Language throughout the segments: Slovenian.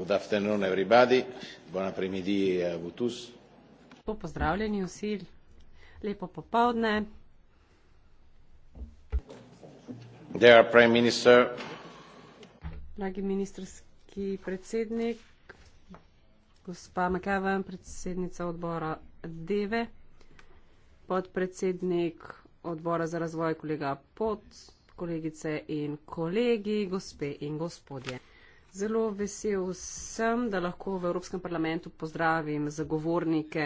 Good afternoon, everybody. Bon aprimidi a euh, vutus. Lepo pozdravljeni vsi. Lepo popovdne. Dear Prime Minister. Dragi ministerski predsednik, gospa McEwen, predsednica odbora Deve, podpredsednik odbora za razvoj, kolega Pot, kolegice in kolegi, gospe in gospodje. Zelo vesel sem, da lahko v Evropskem parlamentu pozdravim zagovornike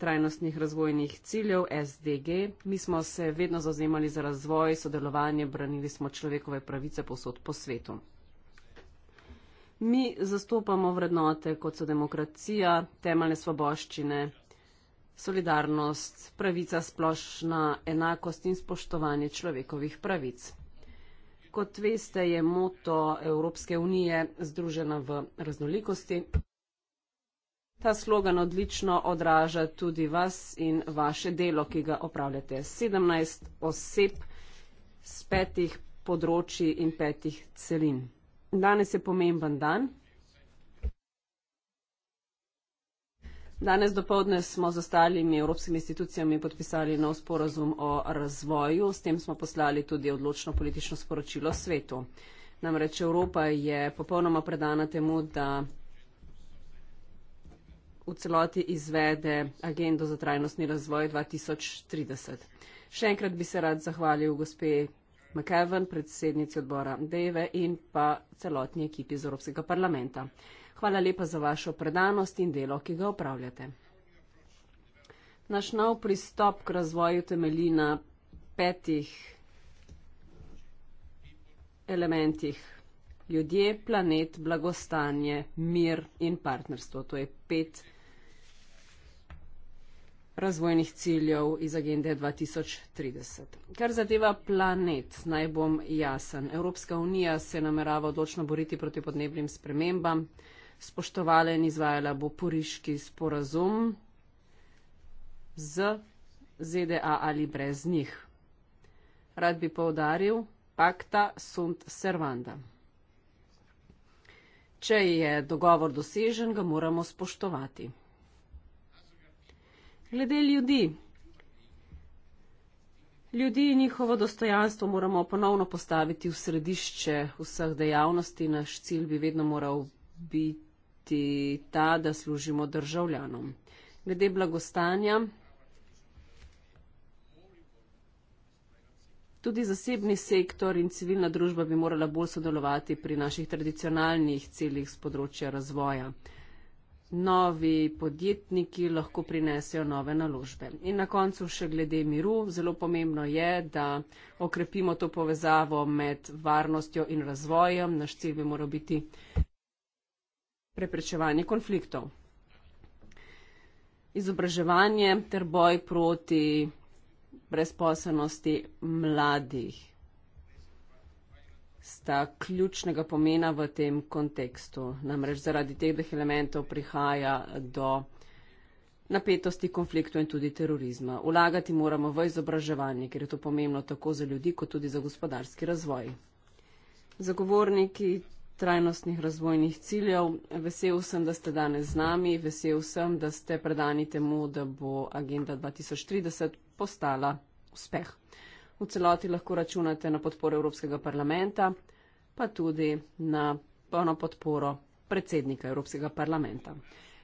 trajnostnih razvojnih ciljev SDG. Mi smo se vedno zauzemali za razvoj, sodelovanje, branili smo človekove pravice posod po svetu. Mi zastopamo vrednote, kot so demokracija, temeljne svoboščine, solidarnost, pravica splošna, enakost in spoštovanje človekovih pravic kot veste, je moto Evropske unije združena v raznolikosti. Ta slogan odlično odraža tudi vas in vaše delo, ki ga opravljate. 17 oseb z petih področji in petih celin. Danes je pomemben dan, Danes dopovdne smo z ostalimi evropskimi institucijami podpisali nov sporozum o razvoju, s tem smo poslali tudi odločno politično sporočilo svetu. Namreč Evropa je popolnoma predana temu, da v celoti izvede agendo za trajnostni razvoj 2030. Še enkrat bi se rad zahvalil gospe McEwen, predsednici odbora Deve in pa celotni ekipi iz Evropskega parlamenta. Hvala lepa za vašo predanost in delo, ki ga upravljate. Naš nov pristop k razvoju temelji na petih elementih. Ljudje, planet, blagostanje, mir in partnerstvo. To je pet razvojnih ciljev iz agende 2030. Kar zadeva planet, naj bom jasen. Evropska unija se namerava odločno boriti proti podnebnim spremembam spoštovala in izvajala Boporiški sporazum z ZDA ali brez njih. Rad bi povdaril, pakta sunt servanda. Če je dogovor dosežen, ga moramo spoštovati. Glede ljudi. Ljudi in njihovo dostojanstvo moramo ponovno postaviti v središče vseh dejavnosti. Naš cilj bi vedno moral biti biti ta, da služimo državljanom. Glede blagostanja, tudi zasebni sektor in civilna družba bi morala bolj sodelovati pri naših tradicionalnih ciljih z področja razvoja. Novi podjetniki lahko prinesejo nove naložbe. In na koncu še glede miru. Zelo pomembno je, da okrepimo to povezavo med varnostjo in razvojem. Naš cilj bi moral biti preprečevanje konfliktov. Izobraževanje ter boj proti brezposelnosti mladih sta ključnega pomena v tem kontekstu. Namreč zaradi teh dveh elementov prihaja do napetosti, konfliktov in tudi terorizma. Ulagati moramo v izobraževanje, ker je to pomembno tako za ljudi, kot tudi za gospodarski razvoj. Zagovorniki trajnostnih razvojnih ciljev. Vesel sem, da ste danes z nami, vesel sem, da ste predani temu, da bo Agenda 2030 postala uspeh. V celoti lahko računate na podporo Evropskega parlamenta, pa tudi na polno podporo predsednika Evropskega parlamenta.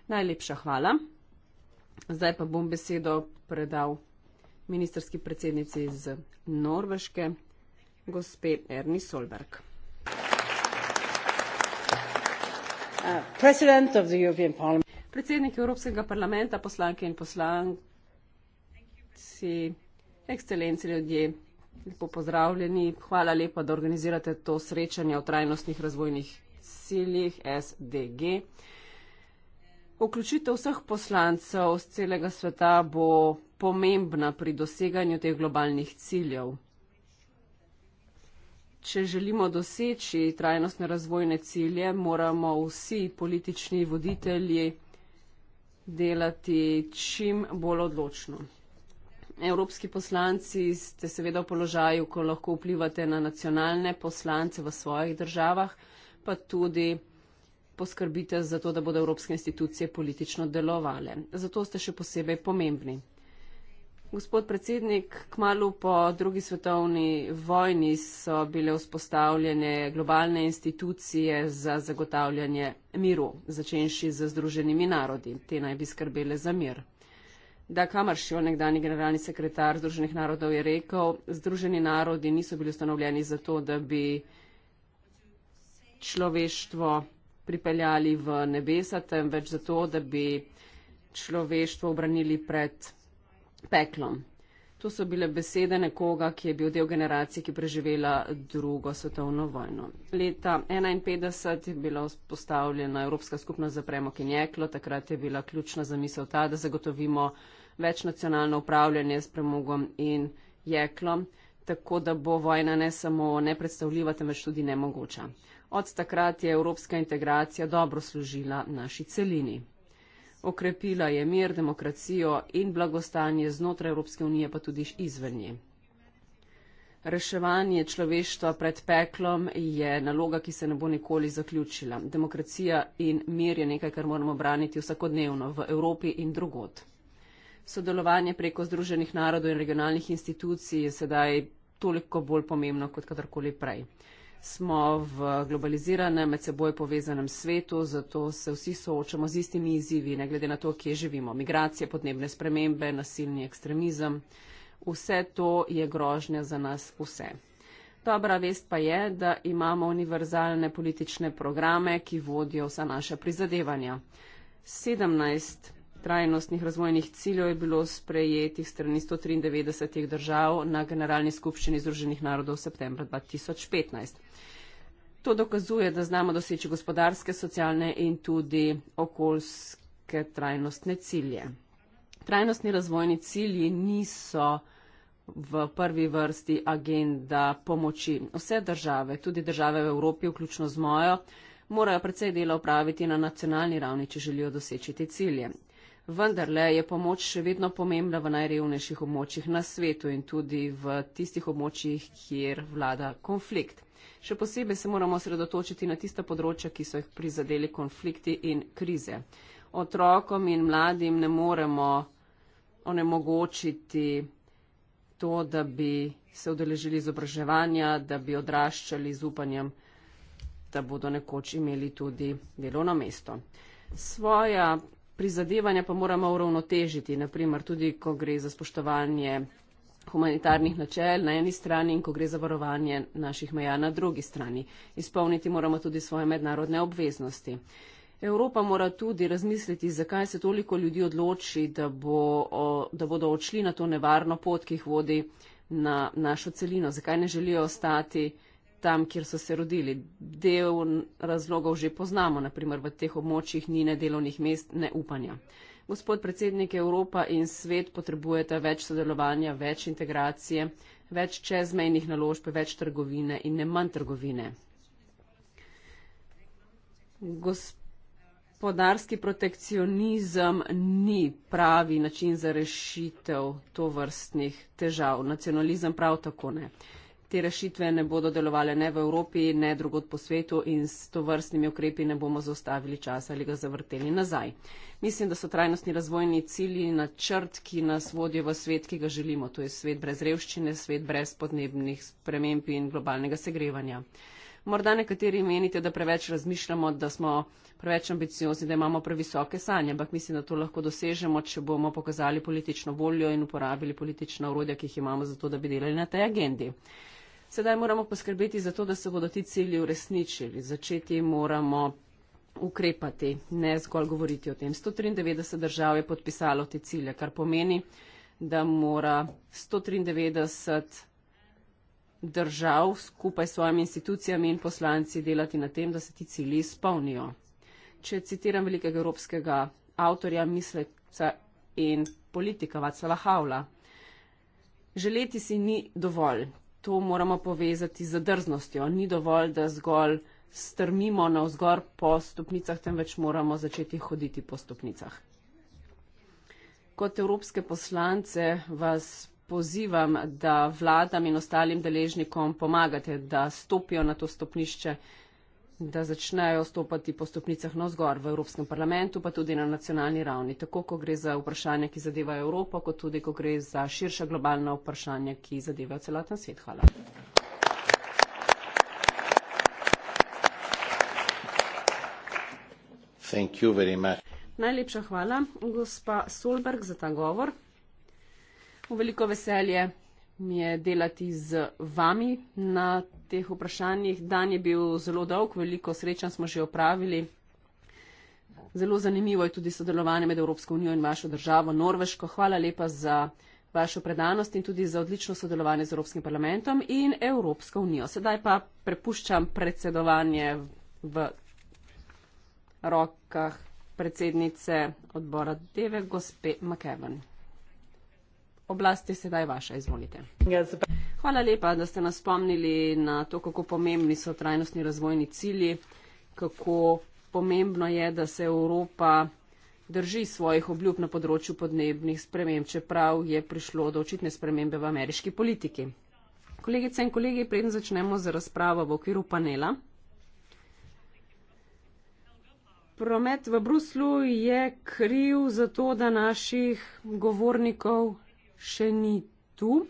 Najlepša hvala. Zdaj pa bom besedo predal ministerski predsednici iz Norveške, gospe Erni Solberg. Predsednik Evropskega parlamenta, poslanke in poslanci, ekscelenci ljudje, lepo pozdravljeni. Hvala lepa, da organizirate to srečanje o trajnostnih razvojnih ciljih SDG. Vključitev vseh poslancev z celega sveta bo pomembna pri doseganju teh globalnih ciljev če želimo doseči trajnostne razvojne cilje, moramo vsi politični voditelji delati čim bolj odločno. Evropski poslanci ste seveda v položaju, ko lahko vplivate na nacionalne poslance v svojih državah, pa tudi poskrbite za to, da bodo evropske institucije politično delovale. Zato ste še posebej pomembni. Gospod predsednik, kmalo po drugi svetovni vojni so bile vzpostavljene globalne institucije za zagotavljanje miru, začenši z Združenimi narodi. Te naj bi skrbele za mir. Da Kamaršjo, nekdani generalni sekretar Združenih narodov, je rekel, Združeni narodi niso bili ustanovljeni zato, da bi človeštvo pripeljali v nebesa, temveč zato, da bi človeštvo obranili pred peklom. To so bile besede nekoga, ki je bil del generacije, ki je preživela drugo svetovno vojno. Leta 1951 je bila vzpostavljena Evropska skupnost za premok in jeklo. Takrat je bila ključna zamisel ta, da zagotovimo večnacionalno upravljanje s premogom in jeklom, tako da bo vojna ne samo nepredstavljiva, temveč tudi nemogoča. Od takrat je evropska integracija dobro služila naši celini. Okrepila je mir, demokracijo in blagostanje znotraj Evropske unije, pa tudi izven nje. Reševanje človeštva pred peklom je naloga, ki se ne bo nikoli zaključila. Demokracija in mir je nekaj, kar moramo braniti vsakodnevno v Evropi in drugod. Sodelovanje preko Združenih narodov in regionalnih institucij je sedaj toliko bolj pomembno kot kadarkoli prej smo v globaliziranem, med seboj povezanem svetu, zato se vsi soočamo z istimi izzivi, ne glede na to, kje živimo. Migracije, podnebne spremembe, nasilni ekstremizem, vse to je grožnja za nas vse. Dobra vest pa je, da imamo univerzalne politične programe, ki vodijo vsa naša prizadevanja. 17 trajnostnih razvojnih ciljev je bilo sprejetih strani 193 držav na Generalni skupščini Združenih narodov v septembra 2015. To dokazuje, da znamo doseči gospodarske, socialne in tudi okoljske trajnostne cilje. Trajnostni razvojni cilji niso v prvi vrsti agenda pomoči. Vse države, tudi države v Evropi, vključno z mojo, morajo predvsej dela upraviti na nacionalni ravni, če želijo doseči te cilje. Vendar le je pomoč še vedno pomembna v najrevnejših območjih na svetu in tudi v tistih območjih, kjer vlada konflikt. Še posebej se moramo sredotočiti na tista področja, ki so jih prizadeli konflikti in krize. Otrokom in mladim ne moremo onemogočiti to, da bi se odeležili izobraževanja, da bi odraščali z upanjem, da bodo nekoč imeli tudi delovno mesto. Svoja prizadevanja pa moramo uravnotežiti, naprimer tudi, ko gre za spoštovanje humanitarnih načel na eni strani in ko gre za varovanje naših meja na drugi strani. Izpolniti moramo tudi svoje mednarodne obveznosti. Evropa mora tudi razmisliti, zakaj se toliko ljudi odloči, da, bo, da bodo odšli na to nevarno pot, ki jih vodi na našo celino, zakaj ne želijo ostati tam, kjer so se rodili. Del razlogov že poznamo, naprimer v teh območjih ni ne delovnih mest, ne upanja. Gospod predsednik, Evropa in svet potrebujete več sodelovanja, več integracije, več čezmejnih naložb, več trgovine in ne manj trgovine. Gospodarski protekcionizem ni pravi način za rešitev to vrstnih težav. Nacionalizem prav tako ne te rešitve ne bodo delovale ne v Evropi, ne drugod po svetu in s to vrstnimi ukrepi ne bomo zaustavili časa ali ga zavrteli nazaj. Mislim, da so trajnostni razvojni cilji načrt, ki nas vodijo v svet, ki ga želimo. To je svet brez revščine, svet brez podnebnih sprememb in globalnega segrevanja. Morda nekateri menite, da preveč razmišljamo, da smo preveč ambiciozni, da imamo previsoke sanje, ampak mislim, da to lahko dosežemo, če bomo pokazali politično voljo in uporabili politična urodja, ki jih imamo za to, da bi delali na tej agendi. Sedaj moramo poskrbeti za to, da se bodo ti cilji uresničili. Začeti moramo ukrepati, ne zgolj govoriti o tem. 193 držav je podpisalo te cilje, kar pomeni, da mora 193 držav skupaj s svojimi institucijami in poslanci delati na tem, da se ti cilji izpolnijo. Če citiram velikega evropskega avtorja, misleca in politika Václava Havla, Želeti si ni dovolj, to moramo povezati z drznostjo. Ni dovolj, da zgolj strmimo navzgor po stopnicah, temveč moramo začeti hoditi po stopnicah. Kot evropske poslance vas pozivam, da vladam in ostalim deležnikom pomagate, da stopijo na to stopnišče in da začnejo stopati po stopnicah na vzgor v Evropskem parlamentu, pa tudi na nacionalni ravni, tako ko gre za vprašanja, ki zadevajo Evropo, kot tudi ko gre za širša globalna vprašanja, ki zadevajo celoten svet. Hvala. Najlepša hvala, gospa Solberg, za ta govor. V veliko veselje mi je delati z vami na teh vprašanjih. Dan je bil zelo dolg, veliko srečan smo že opravili. Zelo zanimivo je tudi sodelovanje med Evropsko unijo in vašo državo Norveško. Hvala lepa za vašo predanost in tudi za odlično sodelovanje z Evropskim parlamentom in Evropsko unijo. Sedaj pa prepuščam predsedovanje v rokah predsednice odbora Deve, gospe McKevan. Oblast je sedaj vaša, izvolite. Yes, but... Hvala lepa, da ste nas spomnili na to, kako pomembni so trajnostni razvojni cilji, kako pomembno je, da se Evropa drži svojih obljub na področju podnebnih sprememb, čeprav je prišlo do očitne spremembe v ameriški politiki. Kolegice in kolegi, preden začnemo z razpravo v okviru panela. Promet v Bruslu je kriv za to, da naših govornikov še ni tu.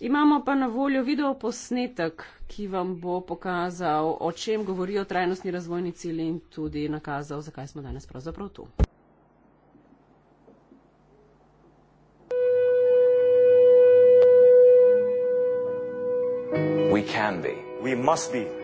Imamo pa na voljo video posnetek, ki vam bo pokazal, o čem govorijo trajnostni razvojni cilji in tudi nakazal, zakaj smo danes pravzaprav tu. We can be. We must be.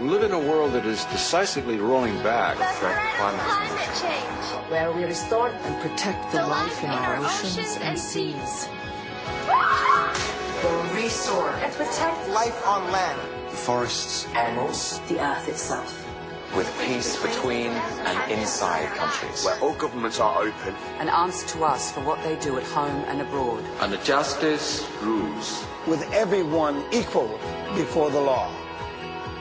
live in a world that is decisively rolling back climate change. Where we restore and protect the, the life, life in our oceans, oceans and seas. the restore and protect life on land. The forests. Animals. The earth itself. With peace between and inside countries. Where all governments are open. An answer to us for what they do at home and abroad. And the justice rules. With everyone equal before the law.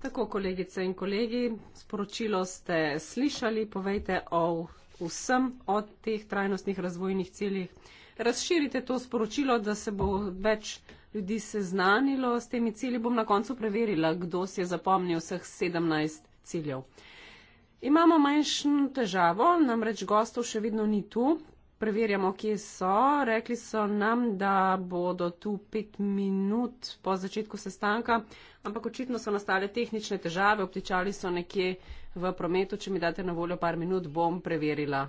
Tako, kolegice in kolegi, sporočilo ste slišali, povejte o vsem o teh trajnostnih razvojnih ciljih. Razširite to sporočilo, da se bo več ljudi seznanilo s temi cilji. Bom na koncu preverila, kdo si je zapomnil vseh 17 ciljev. Imamo manjšo težavo, namreč gostov še vedno ni tu, preverjamo, kje so. Rekli so nam, da bodo tu pet minut po začetku sestanka, ampak očitno so nastale tehnične težave, obtičali so nekje v prometu. Če mi date na voljo par minut, bom preverila.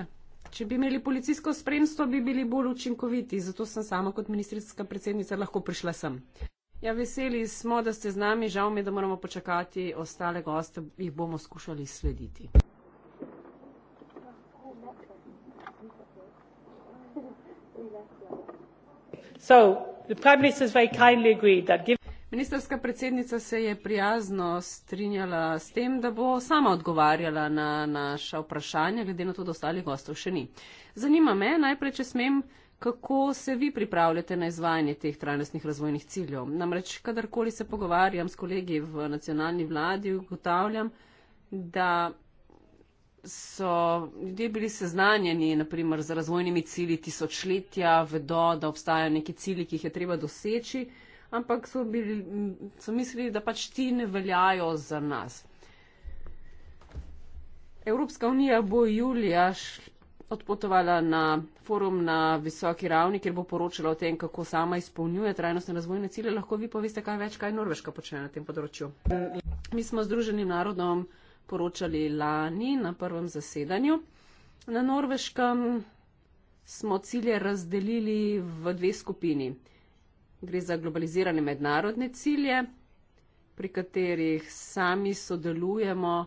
Ja. Če bi imeli policijsko spremstvo, bi bili bolj učinkoviti, zato sem sama kot ministrska predsednica lahko prišla sem. Ja, veseli smo, da ste z nami, žal mi je, da moramo počakati ostale goste, jih bomo skušali slediti. Ministrska predsednica se je prijazno strinjala s tem, da bo sama odgovarjala na naša vprašanja, glede na to, da ostalih gostov še ni. Zanima me najprej, če smem, kako se vi pripravljate na izvajanje teh trajnostnih razvojnih ciljev. Namreč, kadarkoli se pogovarjam s kolegi v nacionalni vladi, ugotavljam, da so ljudje bili seznanjeni naprimer, z razvojnimi cilji tisočletja, vedo, da obstajajo neki cilji, ki jih je treba doseči, ampak so, bili, so mislili, da pač ti ne veljajo za nas. Evropska unija bo julija odpotovala na forum na visoki ravni, kjer bo poročala o tem, kako sama izpolnjuje trajnostne razvojne cilje. Lahko vi poveste, kaj več, kaj Norveška počne na tem področju. Mi smo združeni narodom poročali lani na prvem zasedanju na Norveškem, smo cilje razdelili v dve skupini. Gre za globalizirane mednarodne cilje, pri katerih sami sodelujemo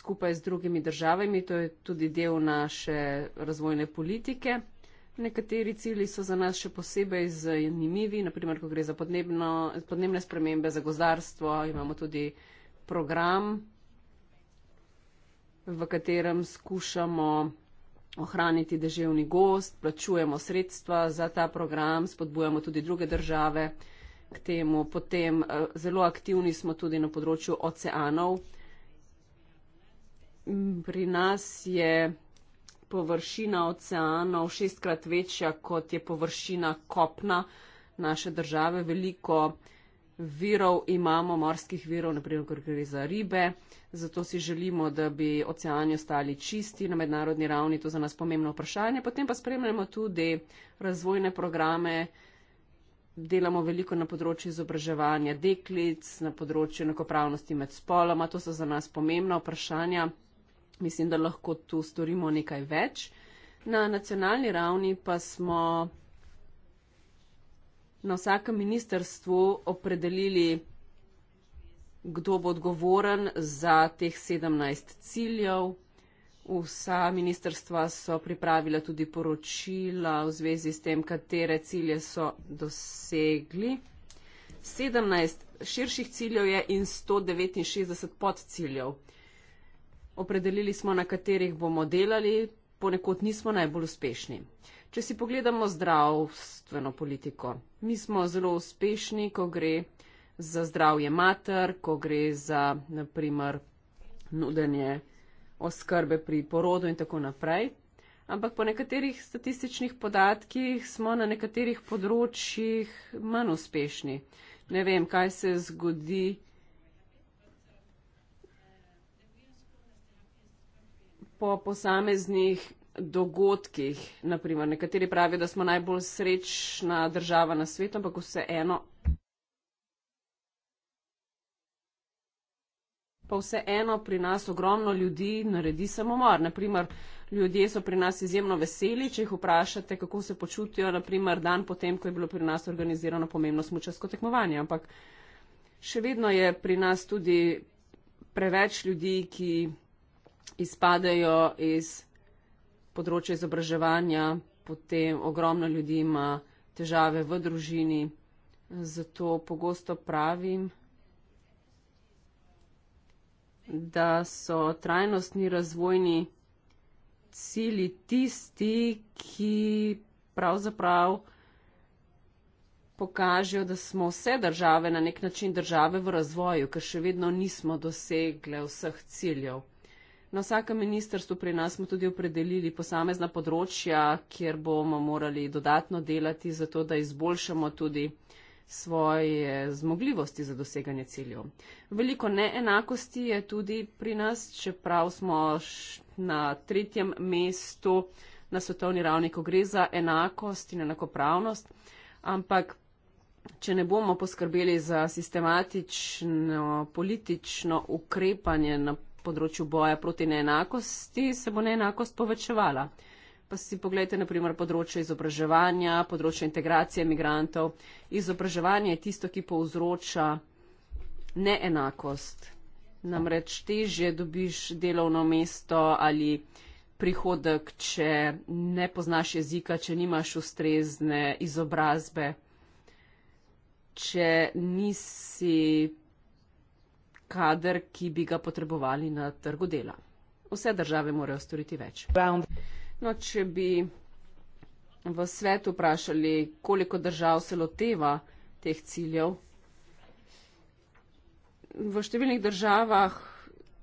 skupaj z drugimi državami, to je tudi del naše razvojne politike. Nekateri cilji so za nas še posebej zanimivi, naprimer, ko gre za podnebno, podnebne spremembe, za gozdarstvo, imamo tudi program v katerem skušamo ohraniti deževni gost, plačujemo sredstva za ta program, spodbujamo tudi druge države k temu. Potem eh, zelo aktivni smo tudi na področju oceanov. Pri nas je površina oceanov šestkrat večja, kot je površina kopna naše države. Veliko virov imamo, morskih virov, naprimer, ker gre za ribe, zato si želimo, da bi oceani ostali čisti na mednarodni ravni, to je za nas pomembno vprašanje. Potem pa spremljamo tudi razvojne programe, delamo veliko na področju izobraževanja deklic, na področju enakopravnosti med spoloma, to so za nas pomembna vprašanja. Mislim, da lahko tu storimo nekaj več. Na nacionalni ravni pa smo na vsakem ministerstvu opredelili, kdo bo odgovoren za teh 17 ciljev. Vsa ministerstva so pripravila tudi poročila v zvezi s tem, katere cilje so dosegli. 17 širših ciljev je in 169 podciljev. Opredelili smo, na katerih bomo delali, ponekod nismo najbolj uspešni če si pogledamo zdravstveno politiko. Mi smo zelo uspešni, ko gre za zdravje mater, ko gre za naprimer nudenje oskrbe pri porodu in tako naprej. Ampak po nekaterih statističnih podatkih smo na nekaterih področjih manj uspešni. Ne vem, kaj se zgodi. Po posameznih dogodkih. Naprimer, nekateri pravijo, da smo najbolj srečna država na svetu, ampak vseeno. Pa vseeno pri nas ogromno ljudi naredi samomor. Naprimer, ljudje so pri nas izjemno veseli, če jih vprašate, kako se počutijo, naprimer, dan potem, ko je bilo pri nas organizirano pomembno smučarsko tekmovanje. Ampak še vedno je pri nas tudi preveč ljudi, ki izpadejo iz področje izobraževanja, potem ogromno ljudi ima težave v družini, zato pogosto pravim, da so trajnostni razvojni cili tisti, ki pravzaprav pokažejo, da smo vse države na nek način države v razvoju, ker še vedno nismo dosegle vseh ciljev. Na vsakem ministrstvu pri nas smo tudi opredelili posamezna področja, kjer bomo morali dodatno delati, zato da izboljšamo tudi svoje zmogljivosti za doseganje ciljev. Veliko neenakosti je tudi pri nas, čeprav smo na tretjem mestu na svetovni ravni, ko gre za enakost in enakopravnost, ampak če ne bomo poskrbeli za sistematično politično ukrepanje na področju, področju boja proti neenakosti, se bo neenakost povečevala. Pa si pogledajte, naprimer, področje izobraževanja, področje integracije migrantov. Izobraževanje je tisto, ki povzroča neenakost. Namreč težje dobiš delovno mesto ali prihodek, če ne poznaš jezika, če nimaš ustrezne izobrazbe, če nisi kader, ki bi ga potrebovali na trgu dela. Vse države morajo storiti več. No, če bi v svetu vprašali, koliko držav se loteva teh ciljev, v številnih državah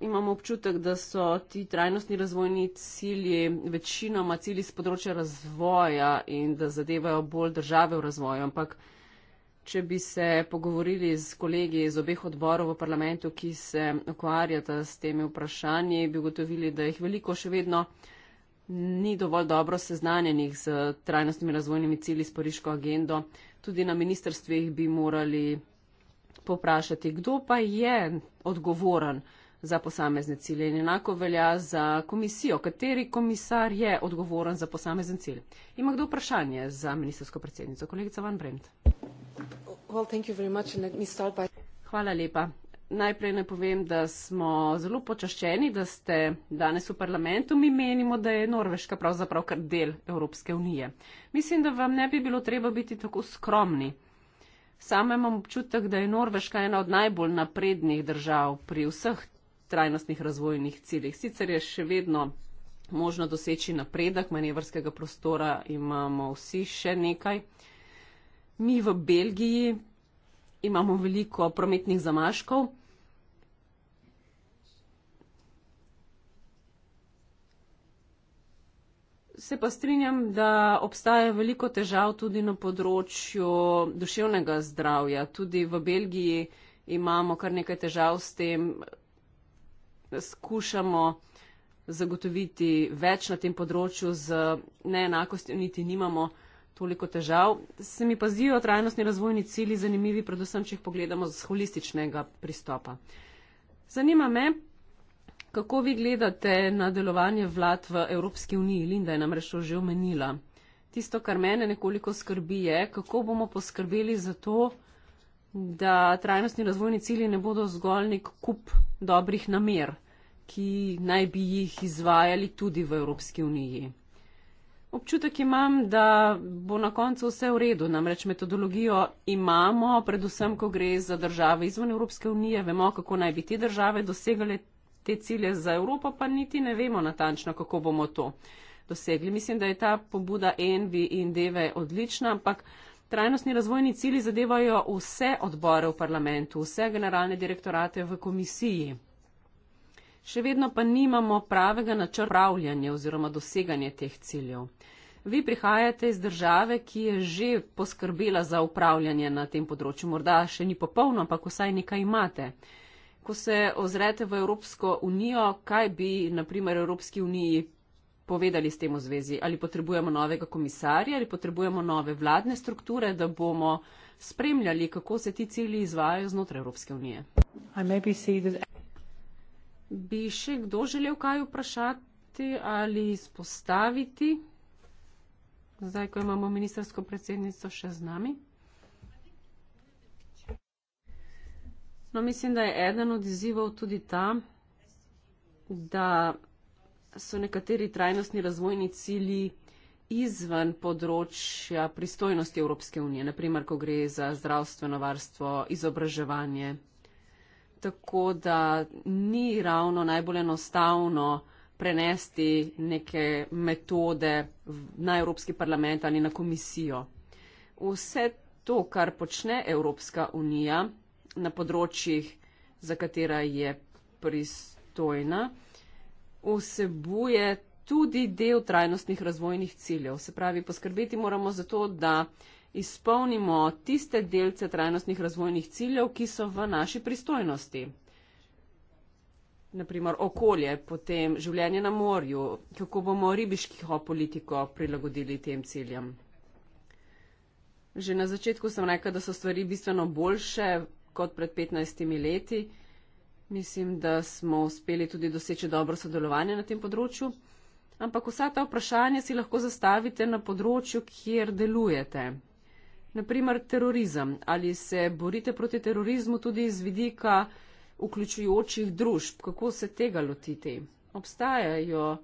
imamo občutek, da so ti trajnostni razvojni cilji večinoma cilji z področja razvoja in da zadevajo bolj države v razvoju, ampak Če bi se pogovorili z kolegi iz obeh odborov v parlamentu, ki se ukvarjata s temi vprašanji, bi ugotovili, da jih veliko še vedno ni dovolj dobro seznanjenih z trajnostnimi razvojnimi cili s pariško agendo. Tudi na ministrstvih bi morali poprašati, kdo pa je odgovoren za posamezne cilje. In enako velja za komisijo, kateri komisar je odgovoren za posamezen cilj. Ima kdo vprašanje za ministersko predsednico? Kolegica Van Brent. Hvala lepa. Najprej naj povem, da smo zelo počaščeni, da ste danes v parlamentu. Mi menimo, da je Norveška pravzaprav kar del Evropske unije. Mislim, da vam ne bi bilo treba biti tako skromni. Sam imam občutek, da je Norveška ena od najbolj naprednih držav pri vseh trajnostnih razvojnih ciljih. Sicer je še vedno možno doseči napredek manevrskega prostora, imamo vsi še nekaj. Mi v Belgiji imamo veliko prometnih zamaškov. Se pa strinjam, da obstaja veliko težav tudi na področju duševnega zdravja. Tudi v Belgiji imamo kar nekaj težav s tem, skušamo zagotoviti več na tem področju z neenakostjo, niti nimamo toliko težav. Se mi pa zdijo trajnostni razvojni cilji zanimivi, predvsem, če jih pogledamo z holističnega pristopa. Zanima me, kako vi gledate na delovanje vlad v Evropski uniji. Linda je namreč to že omenila. Tisto, kar mene nekoliko skrbi, je, kako bomo poskrbeli za to, da trajnostni razvojni cilji ne bodo zgolj nek kup dobrih namer, ki naj bi jih izvajali tudi v Evropski uniji. Občutek imam, da bo na koncu vse v redu. Namreč metodologijo imamo, predvsem, ko gre za države izven Evropske unije. Vemo, kako naj bi te države dosegale te cilje za Evropo, pa niti ne vemo natančno, kako bomo to dosegli. Mislim, da je ta pobuda ENVI in DV odlična, ampak trajnostni razvojni cilji zadevajo vse odbore v parlamentu, vse generalne direktorate v komisiji še vedno pa nimamo pravega načrpravljanja oziroma doseganja teh ciljev. Vi prihajate iz države, ki je že poskrbela za upravljanje na tem področju. Morda še ni popolno, ampak vsaj nekaj imate. Ko se ozrete v Evropsko unijo, kaj bi, naprimer, Evropski uniji povedali s tem v zvezi? Ali potrebujemo novega komisarja, ali potrebujemo nove vladne strukture, da bomo spremljali, kako se ti cilji izvajajo znotraj Evropske unije? bi še kdo želel kaj vprašati ali izpostaviti? Zdaj, ko imamo ministersko predsednico še z nami. No, mislim, da je eden od izzivov tudi ta, da so nekateri trajnostni razvojni cilji izven področja pristojnosti Evropske unije, naprimer, ko gre za zdravstveno varstvo, izobraževanje, tako da ni ravno najbolj enostavno prenesti neke metode na Evropski parlament ali na komisijo. Vse to, kar počne Evropska unija na področjih, za katera je pristojna, vsebuje tudi del trajnostnih razvojnih ciljev. Se pravi, poskrbeti moramo za to, da izpolnimo tiste delce trajnostnih razvojnih ciljev, ki so v naši pristojnosti. Naprimer okolje, potem življenje na morju, kako bomo ribiškiho politiko prilagodili tem ciljem. Že na začetku sem rekla, da so stvari bistveno boljše kot pred 15 leti. Mislim, da smo uspeli tudi doseči dobro sodelovanje na tem področju. Ampak vsa ta vprašanja si lahko zastavite na področju, kjer delujete naprimer terorizem? Ali se borite proti terorizmu tudi iz vidika vključujočih družb? Kako se tega lotiti? Obstajajo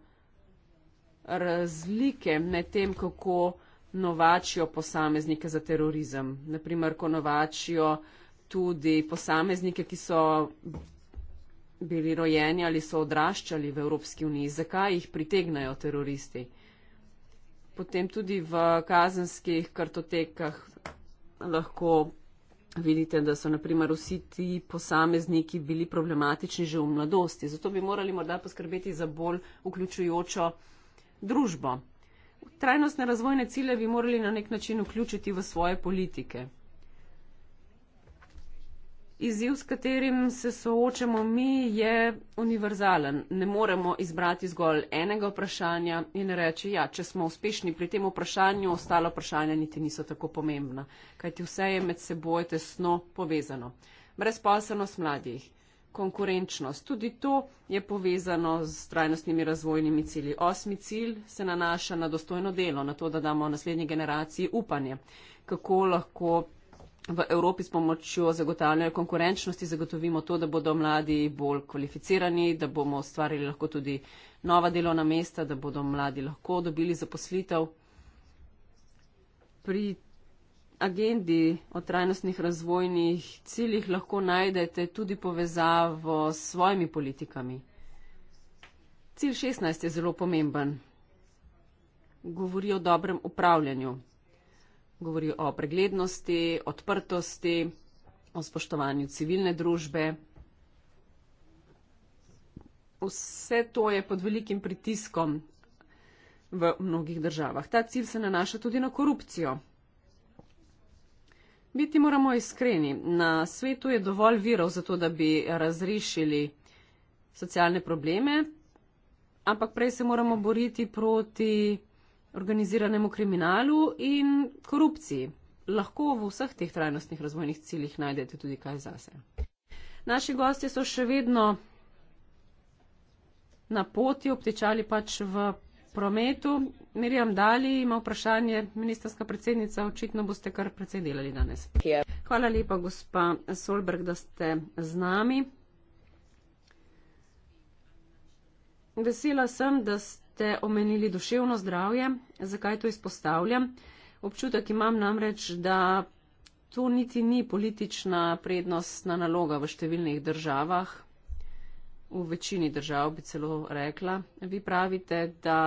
razlike med tem, kako novačijo posameznike za terorizem. Naprimer, ko novačijo tudi posameznike, ki so bili rojeni ali so odraščali v Evropski uniji. Zakaj jih pritegnajo teroristi? potem tudi v kazenskih kartotekah lahko vidite, da so naprimer vsi ti posamezniki bili problematični že v mladosti. Zato bi morali morda poskrbeti za bolj vključujočo družbo. Trajnostne razvojne cilje bi morali na nek način vključiti v svoje politike. Izziv, s katerim se soočamo mi, je univerzalen. Ne moremo izbrati zgolj enega vprašanja in reči, ja, če smo uspešni pri tem vprašanju, ostala vprašanja niti niso tako pomembna, kajti vse je med seboj tesno povezano. Brezposelnost mladih, konkurenčnost, tudi to je povezano z trajnostnimi razvojnimi cilji. Osmi cilj se nanaša na dostojno delo, na to, da damo naslednji generaciji upanje, kako lahko v Evropi s pomočjo zagotavljanja konkurenčnosti zagotovimo to, da bodo mladi bolj kvalificirani, da bomo ustvarili lahko tudi nova delovna mesta, da bodo mladi lahko dobili zaposlitev. Pri agendi o trajnostnih razvojnih ciljih lahko najdete tudi povezavo s svojimi politikami. Cilj 16 je zelo pomemben. Govori o dobrem upravljanju govori o preglednosti, odprtosti, o spoštovanju civilne družbe. Vse to je pod velikim pritiskom v mnogih državah. Ta cilj se nanaša tudi na korupcijo. Biti moramo iskreni. Na svetu je dovolj virov za to, da bi razrešili socialne probleme, ampak prej se moramo boriti proti organiziranemu kriminalu in korupciji. Lahko v vseh teh trajnostnih razvojnih ciljih najdete tudi kaj zase. Naši gostje so še vedno na poti, obtečali pač v prometu. Mirjam Dali ima vprašanje, ministerska predsednica, očitno boste kar precej delali danes. Hvala lepa, gospa Solberg, da ste z nami. Vesela sem, da ste ste omenili duševno zdravje, zakaj to izpostavljam. Občutek imam namreč, da to niti ni politična prednostna naloga v številnih državah, v večini držav bi celo rekla. Vi pravite, da.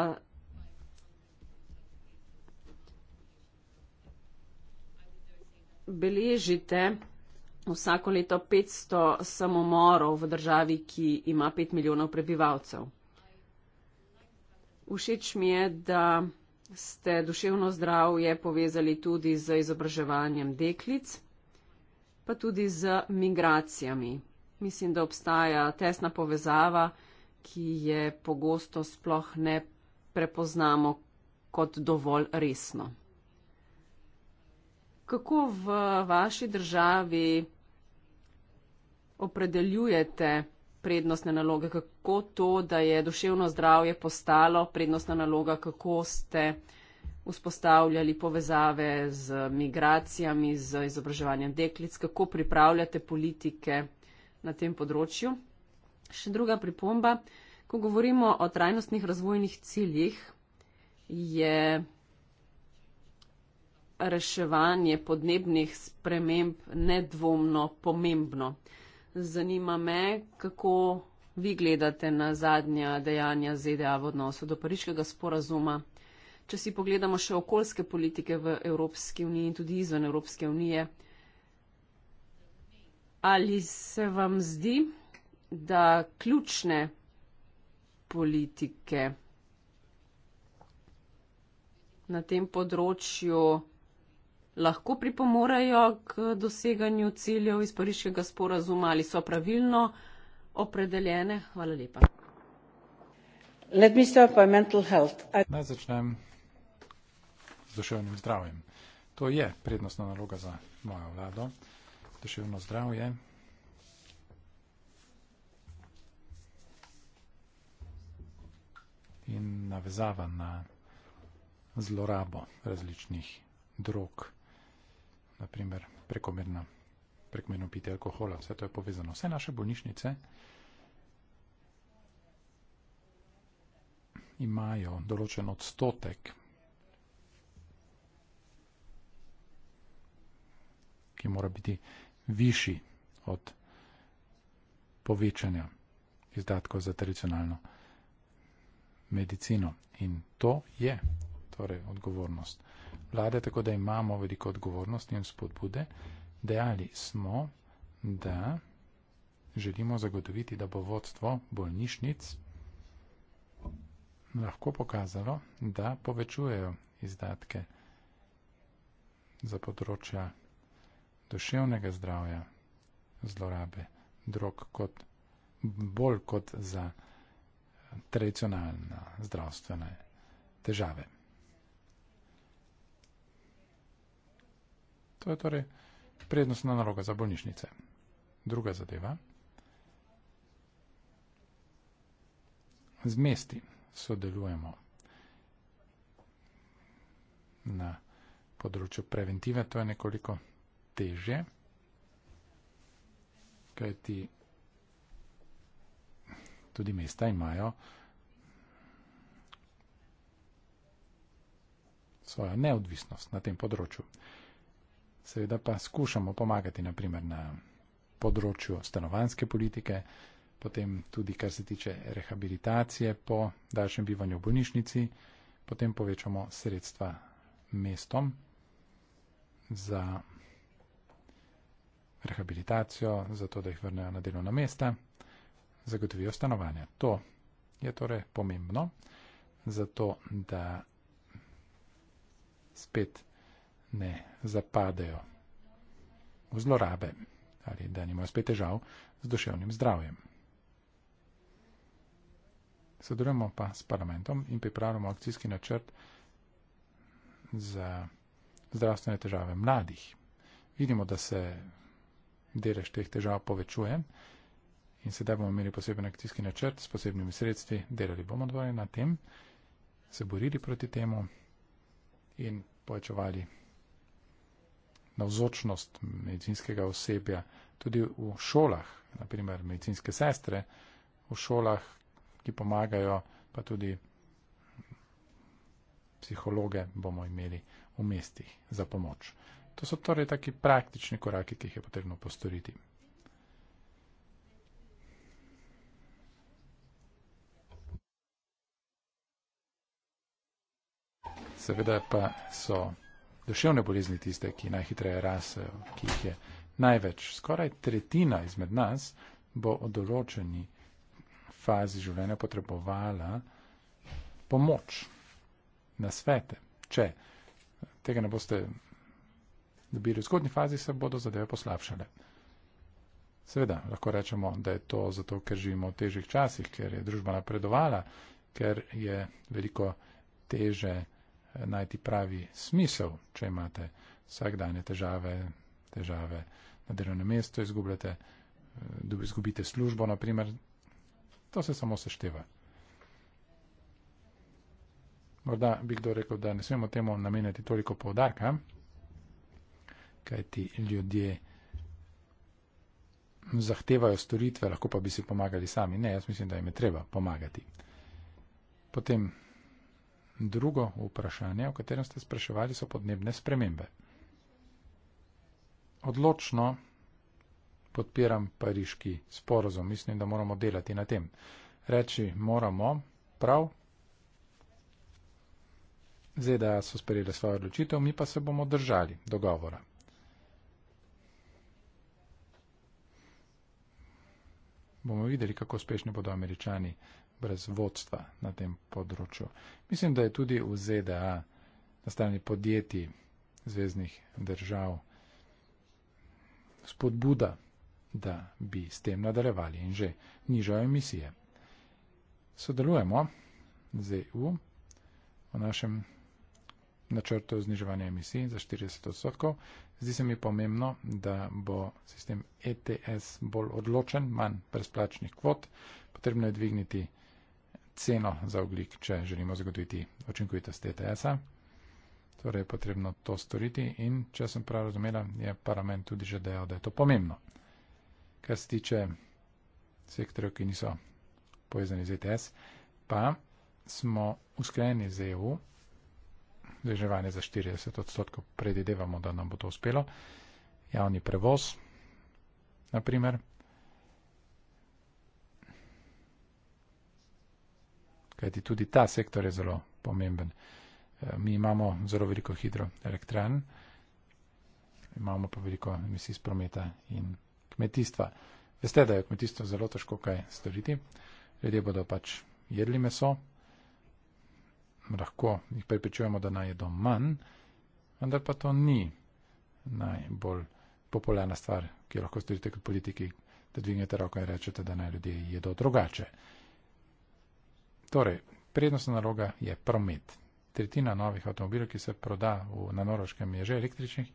Beležite vsako leto 500 samomorov v državi, ki ima 5 milijonov prebivalcev. Všeč mi je, da ste duševno zdravje povezali tudi z izobraževanjem deklic, pa tudi z migracijami. Mislim, da obstaja tesna povezava, ki je pogosto sploh ne prepoznamo kot dovolj resno. Kako v vaši državi opredeljujete prednostne naloge, kako to, da je duševno zdravje postalo prednostna naloga, kako ste vzpostavljali povezave z migracijami, z izobraževanjem deklic, kako pripravljate politike na tem področju. Še druga pripomba, ko govorimo o trajnostnih razvojnih ciljih, je reševanje podnebnih sprememb nedvomno pomembno. Zanima me, kako vi gledate na zadnja dejanja ZDA v odnosu do pariškega sporazuma. Če si pogledamo še okoljske politike v Evropski uniji in tudi izven Evropske unije, ali se vam zdi, da ključne politike na tem področju lahko pripomorejo k doseganju ciljev iz pariškega sporazuma ali so pravilno opredeljene? Hvala lepa. Naj začnem z duševnim zdravjem. To je prednostna naloga za mojo vlado. Duševno zdravje in navezava na zlorabo različnih drog naprimer prekomerna, prekomerno pitje alkohola, vse to je povezano. Vse naše bolnišnice imajo določen odstotek, ki mora biti višji od povečanja izdatkov za tradicionalno medicino. In to je torej odgovornost vlade, tako da imamo veliko odgovornosti in spodbude. Dejali smo, da želimo zagotoviti, da bo vodstvo bolnišnic lahko pokazalo, da povečujejo izdatke za področja duševnega zdravja, zlorabe drog kot, bolj kot za tradicionalne zdravstvene težave. To je torej prednostna naloga za bolnišnice. Druga zadeva. Z mesti sodelujemo na področju preventive, to je nekoliko teže, kajti tudi mesta imajo svojo neodvisnost na tem področju seveda pa skušamo pomagati naprimer na področju stanovanske politike, potem tudi kar se tiče rehabilitacije po daljšem bivanju v bolnišnici, potem povečamo sredstva mestom za rehabilitacijo, za to, da jih vrnejo na delovna mesta, zagotovijo stanovanja. To je torej pomembno, zato da spet ne zapadejo v zlorabe ali da nimajo spet težav z duševnim zdravjem. Sodelujemo pa s parlamentom in pripravljamo akcijski načrt za zdravstvene težave mladih. Vidimo, da se delež teh težav povečuje in sedaj bomo imeli poseben akcijski načrt s posebnimi sredstvi, delali bomo dvoje na tem, se borili proti temu in povečevali navzočnost medicinskega osebja tudi v šolah, naprimer medicinske sestre v šolah, ki pomagajo, pa tudi psihologe bomo imeli v mestih za pomoč. To so torej taki praktični koraki, ki jih je potrebno postoriti. Seveda pa so duševne bolezni tiste, ki najhitreje rasejo, ki jih je največ. Skoraj tretjina izmed nas bo v določeni fazi življenja potrebovala pomoč na svete. Če tega ne boste dobili v zgodni fazi, se bodo zadeve poslabšale. Seveda, lahko rečemo, da je to zato, ker živimo v težjih časih, ker je družba napredovala, ker je veliko teže najti pravi smisel, če imate vsakdanje težave, težave na delovnem mestu, izgubljate, eh, izgubite službo, naprimer. To se samo sešteva. Morda bi kdo rekel, da ne smemo temu namenjati toliko povdarka, kaj ti ljudje zahtevajo storitve, lahko pa bi si pomagali sami. Ne, jaz mislim, da jim je treba pomagati. Potem Drugo vprašanje, o katerem ste spraševali, so podnebne spremembe. Odločno podpiram pariški sporozum, mislim, da moramo delati na tem. Reči moramo, prav. ZDA so sprejeli svojo odločitev, mi pa se bomo držali dogovora. Bomo videli, kako uspešni bodo američani brez vodstva na tem področju. Mislim, da je tudi v ZDA, na strani podjetij zvezdnih držav, spodbuda, da bi s tem nadaljevali in že nižajo emisije. Sodelujemo z EU v našem načrtu zniževanja emisij za 40 odstotkov. Zdi se mi pomembno, da bo sistem ETS bolj odločen, manj brezplačnih kvot. Potrebno je dvigniti ceno za oglik, če želimo zagotoviti očinkovitost e TTS-a. Torej je potrebno to storiti in, če sem prav razumela, je parlament tudi že dejal, da je to pomembno. Kar se tiče sektorjev, ki niso povezani z ETS, pa smo usklajeni z EU, zreževanje za 40 odstotkov predidevamo, da nam bo to uspelo, javni prevoz, na primer, kajti tudi ta sektor je zelo pomemben. Eh, mi imamo zelo veliko hidroelektran, imamo pa veliko emisij iz prometa in kmetijstva. Veste, da je kmetijstvo zelo težko kaj storiti. Ljudje bodo pač jedli meso, lahko jih pripričujemo, da naj jedo manj, vendar pa to ni najbolj popularna stvar, ki jo lahko storite kot politiki, da dvignete roko in rečete, da naj ljudje jedo drugače. Torej, prednostna naloga je promet. Tretjina novih avtomobilov, ki se proda v, na Noroškem, je že električnih.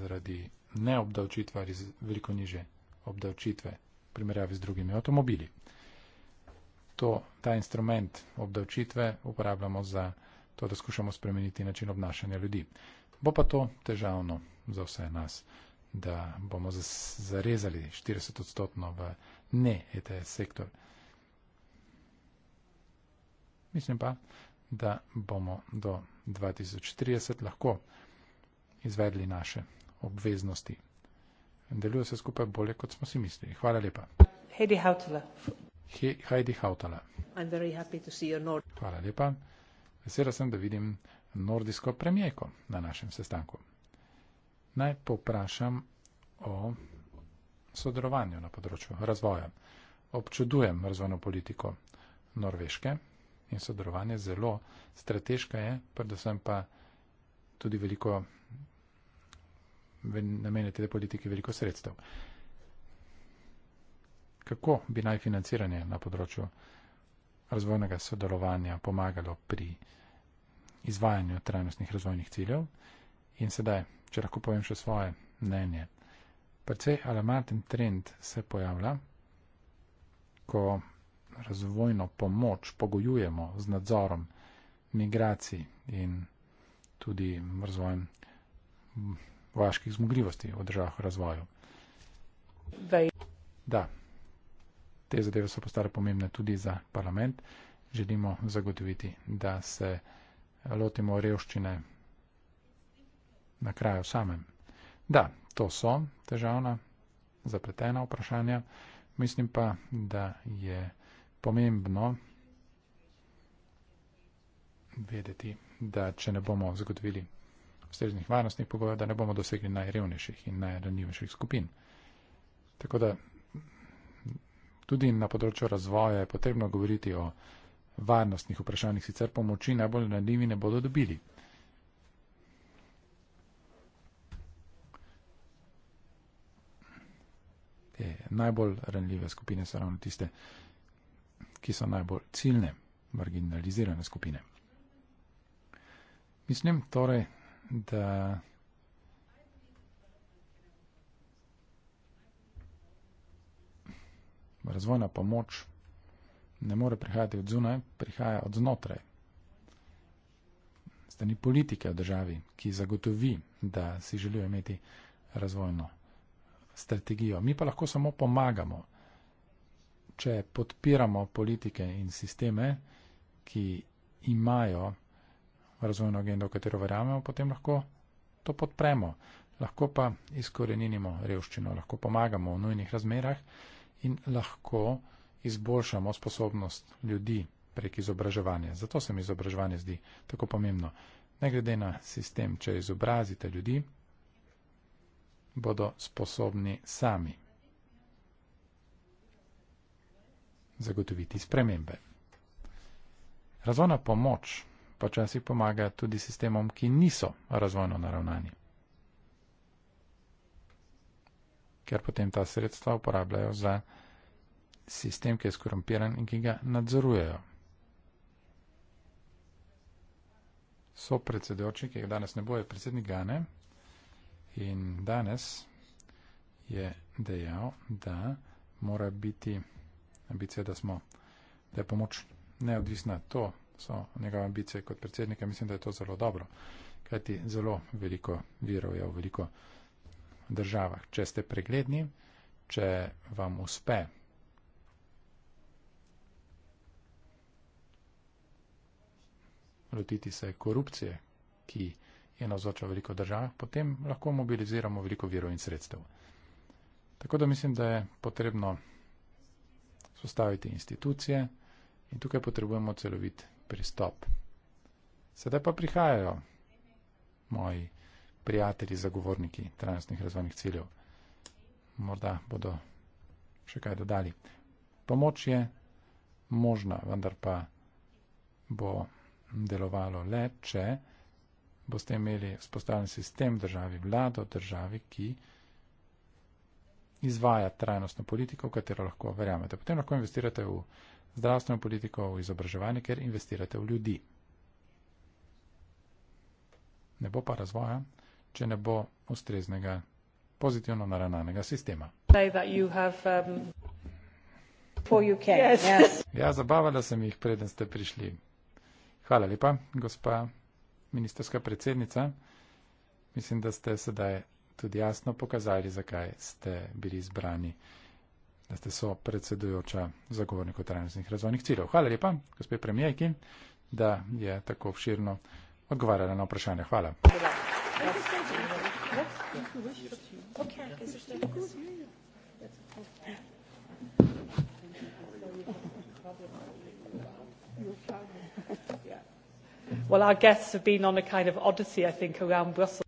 Zaradi neobdavčitve ali veliko niže obdavčitve v primerjavi z drugimi avtomobili. To, ta instrument obdavčitve uporabljamo za to, da skušamo spremeniti način obnašanja ljudi. Bo pa to težavno za vse nas da bomo zarezali 40 odstotno v ne ETS sektor. Mislim pa, da bomo do 2030 lahko izvedli naše obveznosti. Deluje se skupaj bolje, kot smo si mislili. Hvala lepa. Heidi Hautala. He, Heidi Hautala. Hvala lepa. Vesela sem, da vidim nordijsko premijejko na našem sestanku naj povprašam o sodelovanju na področju razvoja. Občudujem razvojno politiko Norveške in sodelovanje zelo strateška je, predvsem pa tudi veliko namenjate te politike veliko sredstev. Kako bi naj financiranje na področju razvojnega sodelovanja pomagalo pri izvajanju trajnostnih razvojnih ciljev? In sedaj če lahko povem še svoje mnenje. Precej alarmanten trend se pojavlja, ko razvojno pomoč pogojujemo z nadzorom migracij in tudi razvojem vojaških zmogljivosti v državah razvoju. Daj. Da, te zadeve so postale pomembne tudi za parlament. Želimo zagotoviti, da se lotimo revščine na kraju samem. Da, to so težavna, zapletena vprašanja, mislim pa, da je pomembno vedeti, da če ne bomo zagotovili ustreznih varnostnih pogojev, da ne bomo dosegli najrevnejših in najranjivejših skupin. Tako da tudi na področju razvoja je potrebno govoriti o varnostnih vprašanjih, sicer pomoči najbolj ranljivi ne bodo dobili. te najbolj ranljive skupine so ravno tiste, ki so najbolj ciljne, marginalizirane skupine. Mislim torej, da razvojna pomoč ne more prihajati od zunaj, prihaja od znotraj. Zdaj ni politike v državi, ki zagotovi, da si želijo imeti razvojno strategijo. Mi pa lahko samo pomagamo, če podpiramo politike in sisteme, ki imajo razvojno agendo, v katero verjamemo, potem lahko to podpremo. Lahko pa izkoreninimo revščino, lahko pomagamo v nujnih razmerah in lahko izboljšamo sposobnost ljudi prek izobraževanja. Zato se mi izobraževanje zdi tako pomembno. Ne glede na sistem, če izobrazite ljudi, bodo sposobni sami zagotoviti spremembe. Razvojna pomoč počasi pomaga tudi sistemom, ki niso razvojno naravnani, ker potem ta sredstva uporabljajo za sistem, ki je skorumpiran in ki ga nadzorujejo. So predsedoči, ki jih danes ne boje, predsednik Gane, In danes je dejal, da mora biti ambicija, da, smo, da je pomoč neodvisna. To so njegove ambicije kot predsednika. Mislim, da je to zelo dobro, kajti zelo veliko virov je v veliko državah. Če ste pregledni, če vam uspe. Lotiti se korupcije, ki je navzočal veliko držav, potem lahko mobiliziramo veliko virov in sredstev. Tako da mislim, da je potrebno spostaviti institucije in tukaj potrebujemo celovit pristop. Sedaj pa prihajajo moji prijatelji, zagovorniki trajnostnih razvojnih ciljev. Morda bodo še kaj dodali. Pomoč je možna, vendar pa bo delovalo le, če boste imeli vzpostavljen sistem državi, vlado državi, ki izvaja trajnostno politiko, v katero lahko verjamete. Potem lahko investirate v zdravstveno politiko, v izobraževanje, ker investirate v ljudi. Ne bo pa razvoja, če ne bo ustreznega, pozitivno naravnanega sistema. Um, ja, zabavala sem jih, preden ste prišli. Hvala lepa, gospa ministerska predsednica. Mislim, da ste sedaj tudi jasno pokazali, zakaj ste bili izbrani, da ste so predsedujoča zagovornik trajnostnih razvojnih ciljev. Hvala lepa, gospe premijajki, da je tako obširno odgovarjala na vprašanje. Hvala. Okay, I guess it's good. Yeah. Well, our guests have been on a kind of odyssey, I think, around Brussels.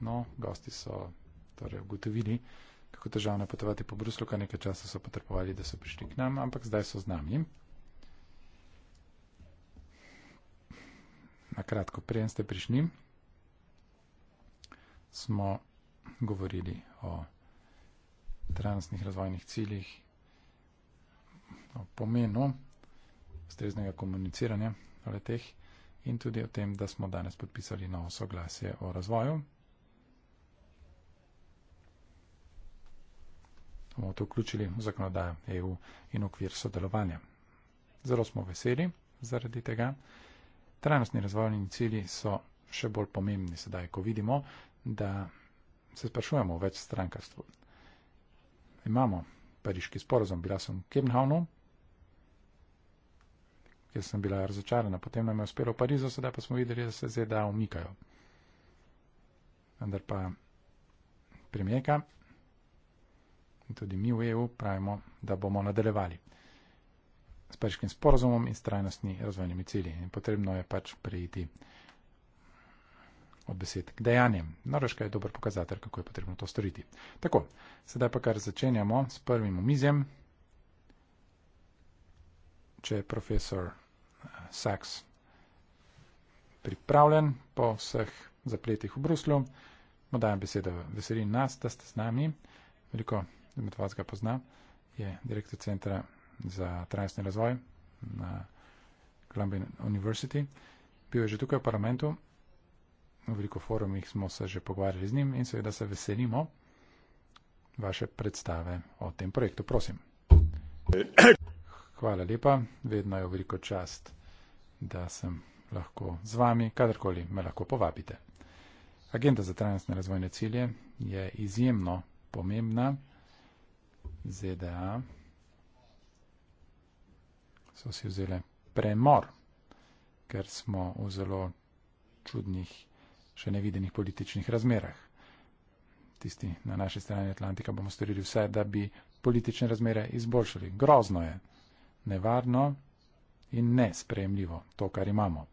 No, gosti so torej ugotovili, kako težavno je potovati po Bruslu, kar nekaj časa so potrpovali, da so prišli k nam, ampak zdaj so z nami. Na kratko, prej ste prišli, smo govorili o trajnostnih razvojnih ciljih, o pomenu ustreznega komuniciranja o teh in tudi o tem, da smo danes podpisali novo soglasje o razvoju. bomo to vključili v zakonodajo EU in okvir sodelovanja. Zelo smo veseli zaradi tega. Trajnostni razvojni cilji so še bolj pomembni sedaj, ko vidimo, da se sprašujemo o več strankarstvu. Imamo pariški sporozum, bila sem v Kemnhavnu, Jaz sem bila razočarana, potem nam je uspelo v Parizu, sedaj pa smo videli, da se ZDA umikajo. Vendar pa premijeka in tudi mi v EU pravimo, da bomo nadaljevali s pariškim sporozumom in s trajnostni razvojnimi cilji. In potrebno je pač prejiti od besed k dejanjem. Norveška je dober pokazatelj, kako je potrebno to storiti. Tako, sedaj pa kar začenjamo s prvim omizjem. Če je profesor seks pripravljen po vseh zapletih v Bruslju. Modajem besedo, veseli nas, da ste z nami. Veliko med vas ga pozna, je direktor centra za trajnostni razvoj na Columbia University. Bil je že tukaj v parlamentu, v veliko forumih smo se že pogovarjali z njim in seveda se veselimo vaše predstave o tem projektu. Prosim. Hvala lepa, vedno je veliko čast, da sem lahko z vami, kadarkoli me lahko povabite. Agenda za trajnostne razvojne cilje je izjemno pomembna. ZDA so si vzele premor, ker smo v zelo čudnih, še nevidenih političnih razmerah. Tisti na naši strani Atlantika bomo storili vse, da bi politične razmere izboljšali. Grozno je nevarno in nesprejemljivo to, kar imamo.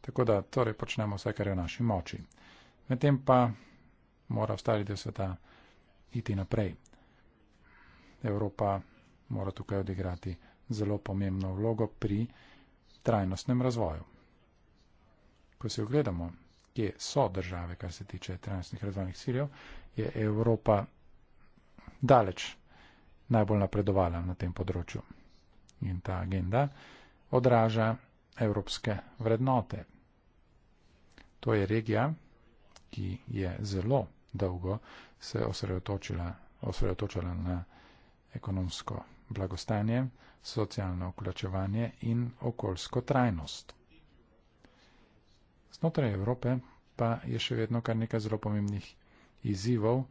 Tako da torej počnemo vse, kar je v naši moči. Medtem pa mora ostali del sveta iti naprej. Evropa mora tukaj odigrati zelo pomembno vlogo pri trajnostnem razvoju. Ko si ogledamo, kje so države, kar se tiče trajnostnih razvojnih ciljev, je Evropa daleč najbolj napredovala na tem področju in ta agenda odraža evropske vrednote. To je regija, ki je zelo dolgo se osredotočila, osredotočila na ekonomsko blagostanje, socialno vključevanje in okoljsko trajnost. Znotraj Evrope pa je še vedno kar nekaj zelo pomembnih izzivov,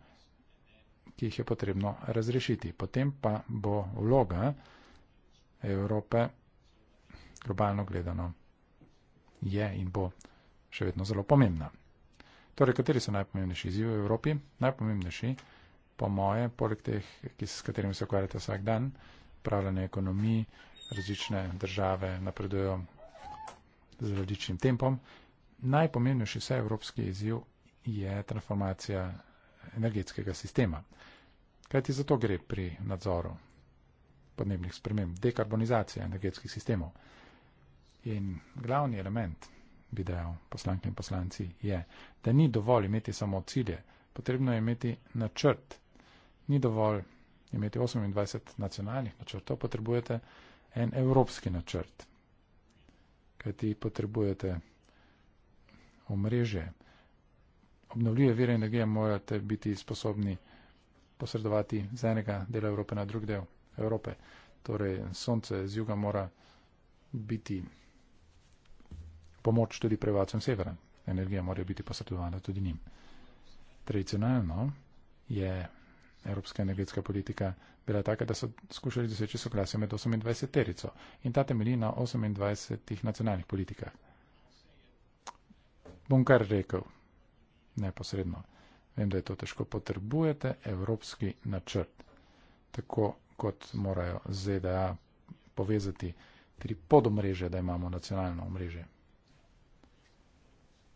ki jih je potrebno razrešiti. Potem pa bo vloga Evrope, globalno gledano, je in bo še vedno zelo pomembna. Torej, kateri so najpomembnejši izzivi v Evropi? Najpomembnejši, po moje, poleg teh, s katerimi se ukvarjate vsak dan, upravljanje ekonomije, različne države napredujejo z različnim tempom. Najpomembnejši vse evropski izziv je transformacija energetskega sistema. Kaj ti za to gre pri nadzoru podnebnih sprememb, dekarbonizacija energetskih sistemov. In glavni element, bi dejal poslanke in poslanci, je, da ni dovolj imeti samo cilje, potrebno je imeti načrt. Ni dovolj imeti 28 nacionalnih načrtov, potrebujete en evropski načrt, kajti potrebujete omrežje. Obnovljive vire energije morate biti sposobni posredovati z enega dela Evrope na drug del Evrope. Torej, sonce z juga mora biti pomoč tudi prebivalcem severa. Energija mora biti posredovana tudi njim. Tradicionalno je evropska energetska politika bila taka, da so skušali doseči soglasje med 28 terico in ta temelji na 28 nacionalnih politikah. Bom kar rekel neposredno. Vem, da je to težko. Potrebujete evropski načrt. Tako kot morajo ZDA povezati tri podomreže, da imamo nacionalno omrežje.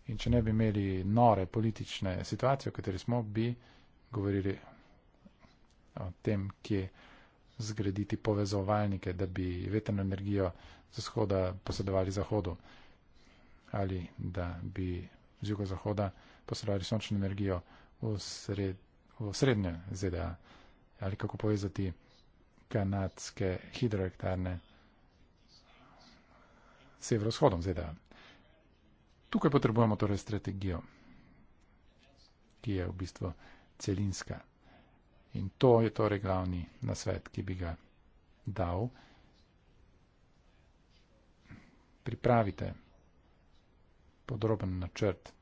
In če ne bi imeli nore politične situacije, v kateri smo, bi govorili o tem, kje zgraditi povezovalnike, da bi vetrno energijo z zahoda posedovali zahodu ali da bi z jugozahoda posedovali sončno energijo v, sred, v srednje ZDA ali kako povezati kanadske hidroelektrarne severovzhodom ZDA. Tukaj potrebujemo torej strategijo, ki je v bistvu celinska. In to je torej glavni nasvet, ki bi ga dal. Pripravite podroben načrt,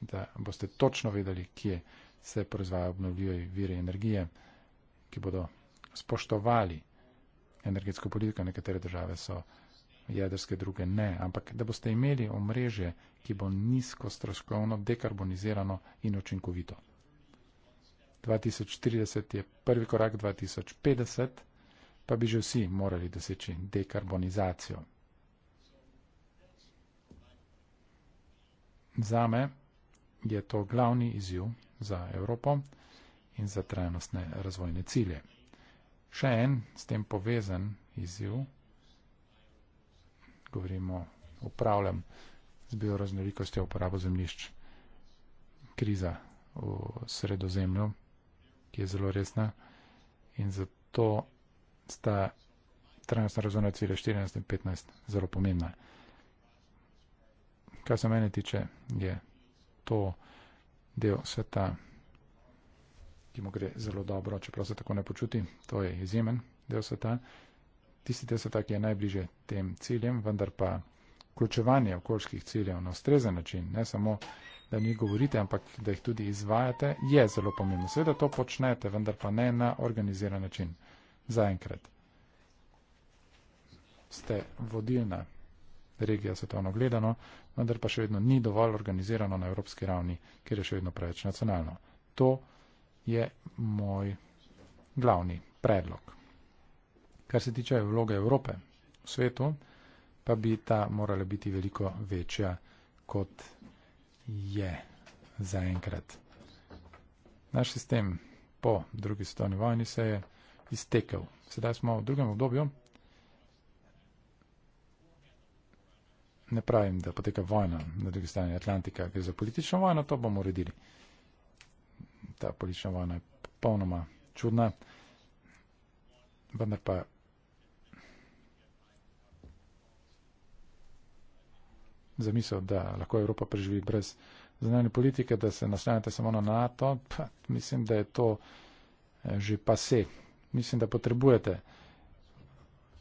da boste točno vedeli, kje se proizvajajo obnovljive vire energije ki bodo spoštovali energetsko politiko. Nekatere države so jedrske, druge ne. Ampak da boste imeli omrežje, ki bo nizko stroškovno, dekarbonizirano in učinkovito. 2030 je prvi korak, 2050 pa bi že vsi morali doseči dekarbonizacijo. Zame je to glavni izjiv za Evropo in za trajnostne razvojne cilje. Še en s tem povezan izziv, govorimo o upravljam z bioraznolikostjo uporabo zemljišč, kriza v sredozemlju, ki je zelo resna in zato sta trajnostna razvojna cilja 14 in 15 zelo pomembna. Kar se mene tiče, je to del sveta ki mu gre zelo dobro, čeprav se tako ne počuti, to je izjemen del sveta. Tisti del sveta, ki je najbliže tem ciljem, vendar pa vključevanje okoljskih ciljev na ustrezen način, ne samo, da mi govorite, ampak da jih tudi izvajate, je zelo pomembno. Seveda to počnete, vendar pa ne na organiziran način. Zaenkrat ste vodilna regija svetovno gledano, vendar pa še vedno ni dovolj organizirano na evropski ravni, ker je še vedno preveč nacionalno. To je moj glavni predlog. Kar se tiče vloge Evrope v svetu, pa bi ta morala biti veliko večja, kot je zaenkrat. Naš sistem po drugi svetovni vojni se je iztekel. Sedaj smo v drugem obdobju. Ne pravim, da poteka vojna na drugi strani Atlantika, gre za politično vojno, to bomo uredili ta politična vojna je popolnoma čudna, vendar pa. Zamisel, da lahko Evropa preživi brez zunanje politike, da se naslanjate samo na NATO, pa, mislim, da je to eh, že pase. Mislim, da potrebujete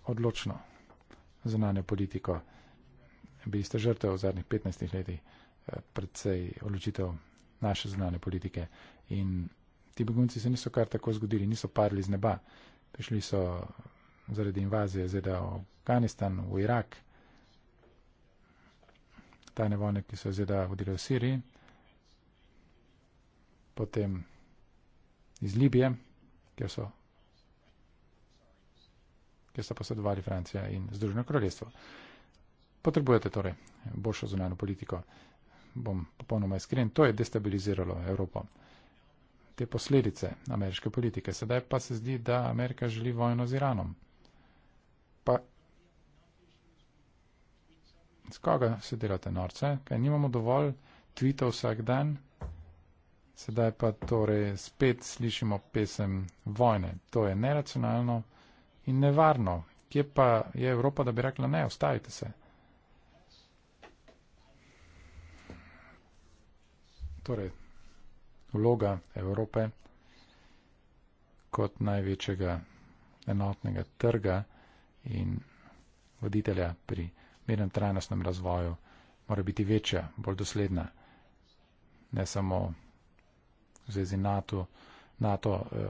odločno zunanje politiko. Bi ste žrtev v zadnjih 15 letih eh, predvsej odločitev naše zunanje politike In ti begunci se niso kar tako zgodili, niso padli z neba. Prišli so zaradi invazije ZDA v Afganistan, v Irak, tajne vojne, ki so ZDA vodile v Siriji, potem iz Libije, kjer so, kjer so posredovali Francija in Združeno kraljestvo. Potrebujete torej boljšo zunanjo politiko. Bom popolnoma iskren, to je destabiliziralo Evropo te posledice ameriške politike. Sedaj pa se zdi, da Amerika želi vojno z Iranom. Pa z koga se delate norce? Kaj nimamo dovolj tweetov vsak dan? Sedaj pa torej spet slišimo pesem vojne. To je neracionalno in nevarno. Kje pa je Evropa, da bi rekla ne, ostavite se? Torej, vloga Evrope kot največjega enotnega trga in voditelja pri mirnem trajnostnem razvoju mora biti večja, bolj dosledna. Ne samo v zvezi NATO, NATO eh,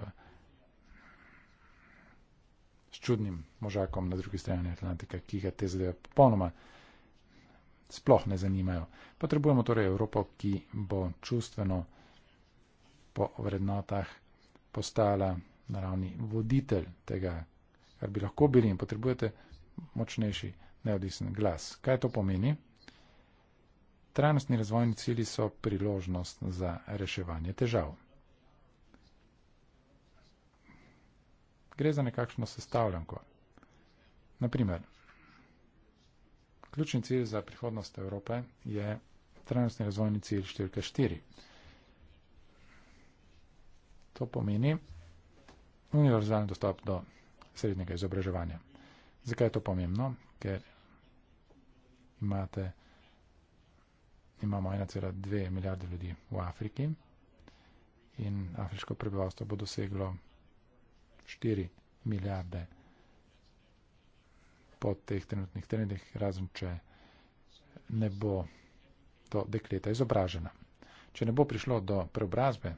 s čudnim možakom na drugi strani Atlantika, ki ga te zadeve popolnoma sploh ne zanimajo. Potrebujemo torej Evropo, ki bo čustveno po vrednotah postala naravni voditelj tega, kar bi lahko bili in potrebujete močnejši neodvisen glas. Kaj to pomeni? Trajnostni razvojni cili so priložnost za reševanje težav. Gre za nekakšno sestavljanko. Naprimer, ključni cilj za prihodnost Evrope je trajnostni razvojni cilj številka 4. To pomeni univerzalen dostop do srednjega izobraževanja. Zakaj je to pomembno? Ker imate, imamo 1,2 milijarde ljudi v Afriki in afriško prebivalstvo bo doseglo 4 milijarde po teh trenutnih trendih, razen če ne bo to dekleta izobražena. Če ne bo prišlo do preobrazbe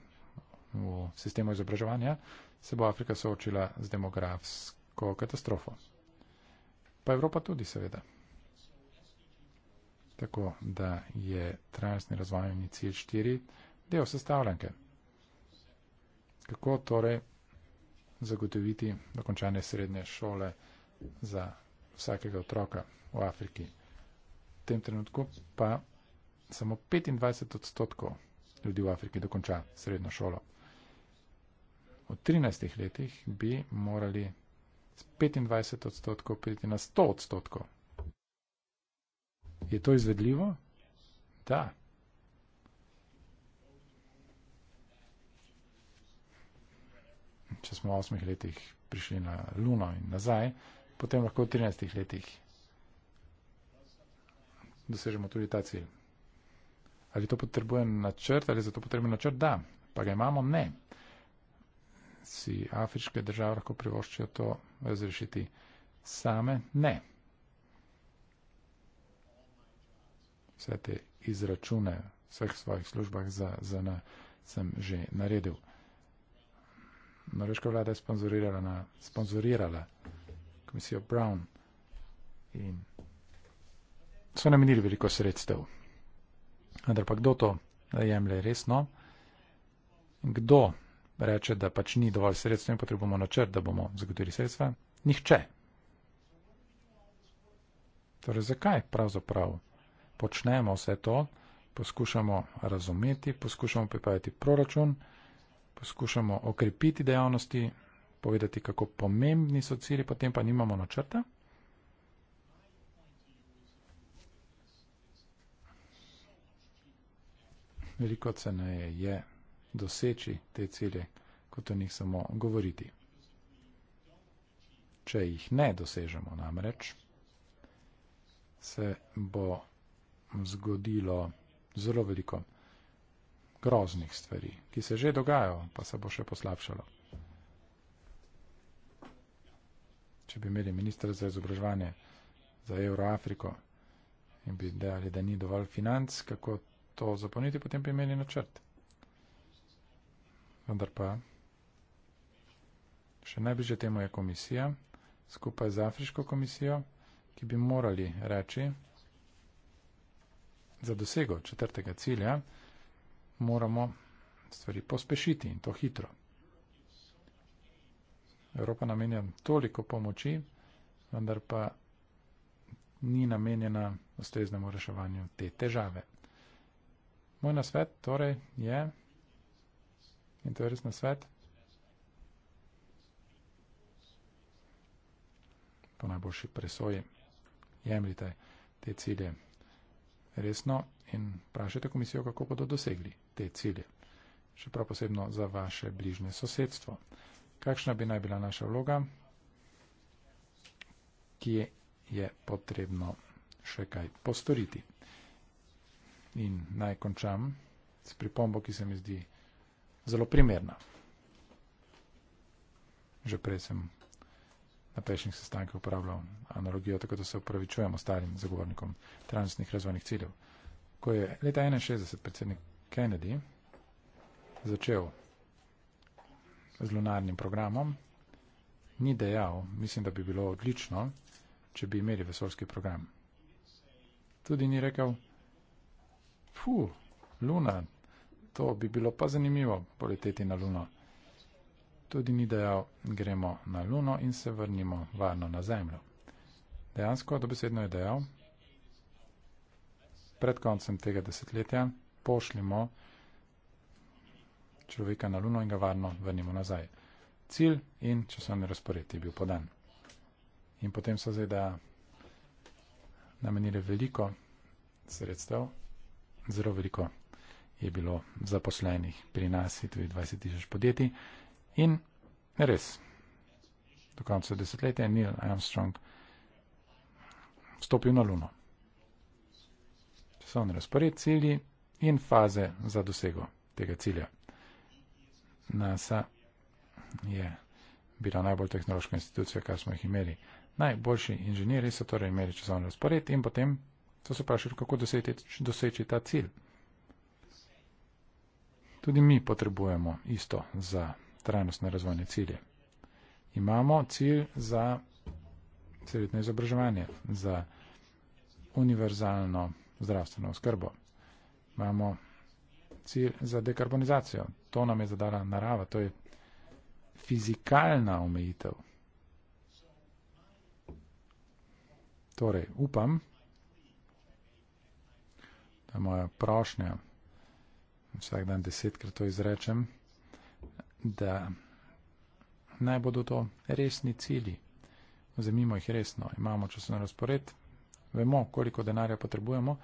v sistemu izobraževanja, se bo Afrika soočila z demografsko katastrofo. Pa Evropa tudi, seveda. Tako da je trajnostni razvojni cilj 4 del sestavljanke. Kako torej zagotoviti dokončanje srednje šole za vsakega otroka v Afriki? V tem trenutku pa samo 25 odstotkov ljudi v Afriki dokonča srednjo šolo v 13 letih bi morali z 25 odstotkov priti na 100 odstotkov. Je to izvedljivo? Da. Če smo v 8 letih prišli na Luno in nazaj, potem lahko v 13 letih dosežemo tudi ta cilj. Ali to potrebuje načrt, ali za to potrebuje načrt? Da. Pa ga imamo? Ne si afriške države lahko privoščijo to razrešiti same? Ne. Vse te izračune v vseh svojih službah za, za na, sem že naredil. Norveška vlada je sponzorirala, na, sponzorirala komisijo Brown in so namenili veliko sredstev. Vendar pa kdo to jemlje resno? Kdo reče, da pač ni dovolj sredstva in potrebujemo načrt, da bomo zagotovili sredstva? Nihče. Torej, zakaj pravzaprav počnemo vse to? Poskušamo razumeti, poskušamo pripraviti proračun, poskušamo okrepiti dejavnosti, povedati, kako pomembni so cilji, potem pa nimamo načrta. Veliko cene je doseči te cilje, kot o njih samo govoriti. Če jih ne dosežemo namreč, se bo zgodilo zelo veliko groznih stvari, ki se že dogajajo, pa se bo še poslabšalo. Če bi imeli ministr za izobraževanje za Euroafriko in bi dejali, da ni dovolj financ, kako to zaponiti, potem bi imeli načrt. Vendar pa še najbližje temu je komisija skupaj z Afriško komisijo, ki bi morali reči, za dosego četrtega cilja moramo stvari pospešiti in to hitro. Evropa namenja toliko pomoči, vendar pa ni namenjena ustreznemu reševanju te težave. Moj nasvet torej je, In to je res na svet. Po najboljši presoji jemljite te cilje resno in prašite komisijo, kako bodo dosegli te cilje. Še prav posebno za vaše bližnje sosedstvo. Kakšna bi naj bila naša vloga? Kje je potrebno še kaj postoriti? In naj končam s pripombo, ki se mi zdi zelo primerna. Že prej sem na prejšnjih sestankih uporabljal analogijo, tako da se upravičujemo starim zagovornikom transnih razvojnih ciljev. Ko je leta 61 predsednik Kennedy začel z lunarnim programom, ni dejal, mislim, da bi bilo odlično, če bi imeli vesolski program. Tudi ni rekel, fu, luna, to bi bilo pa zanimivo poleteti na Luno. Tudi ni dejal, gremo na Luno in se vrnimo varno na Zemljo. Dejansko, dobesedno je dejal, pred koncem tega desetletja pošljemo človeka na Luno in ga varno vrnimo nazaj. Cilj in časovni razpored je bil podan. In potem so zdaj, da namenili veliko sredstev, zelo veliko je bilo zaposlenih pri nas, tudi 20 tisoč podjetij. In res, do konca desetletja je Neil Armstrong stopil na Luno. Časovni razpored, cilji in faze za dosego tega cilja. NASA je bila najbolj tehnološka institucija, kar smo jih imeli. Najboljši inženirji so torej imeli časovni razpored in potem so se vprašali, kako doseči, doseči ta cilj. Tudi mi potrebujemo isto za trajnostne razvojne cilje. Imamo cilj za celitno izobraževanje, za univerzalno zdravstveno oskrbo. Imamo cilj za dekarbonizacijo. To nam je zadala narava, to je fizikalna omejitev. Torej, upam, da moja prošnja vsak dan desetkrat to izrečem, da naj bodo to resni cilji. Vzemimo jih resno, imamo časovni razpored, vemo, koliko denarja potrebujemo,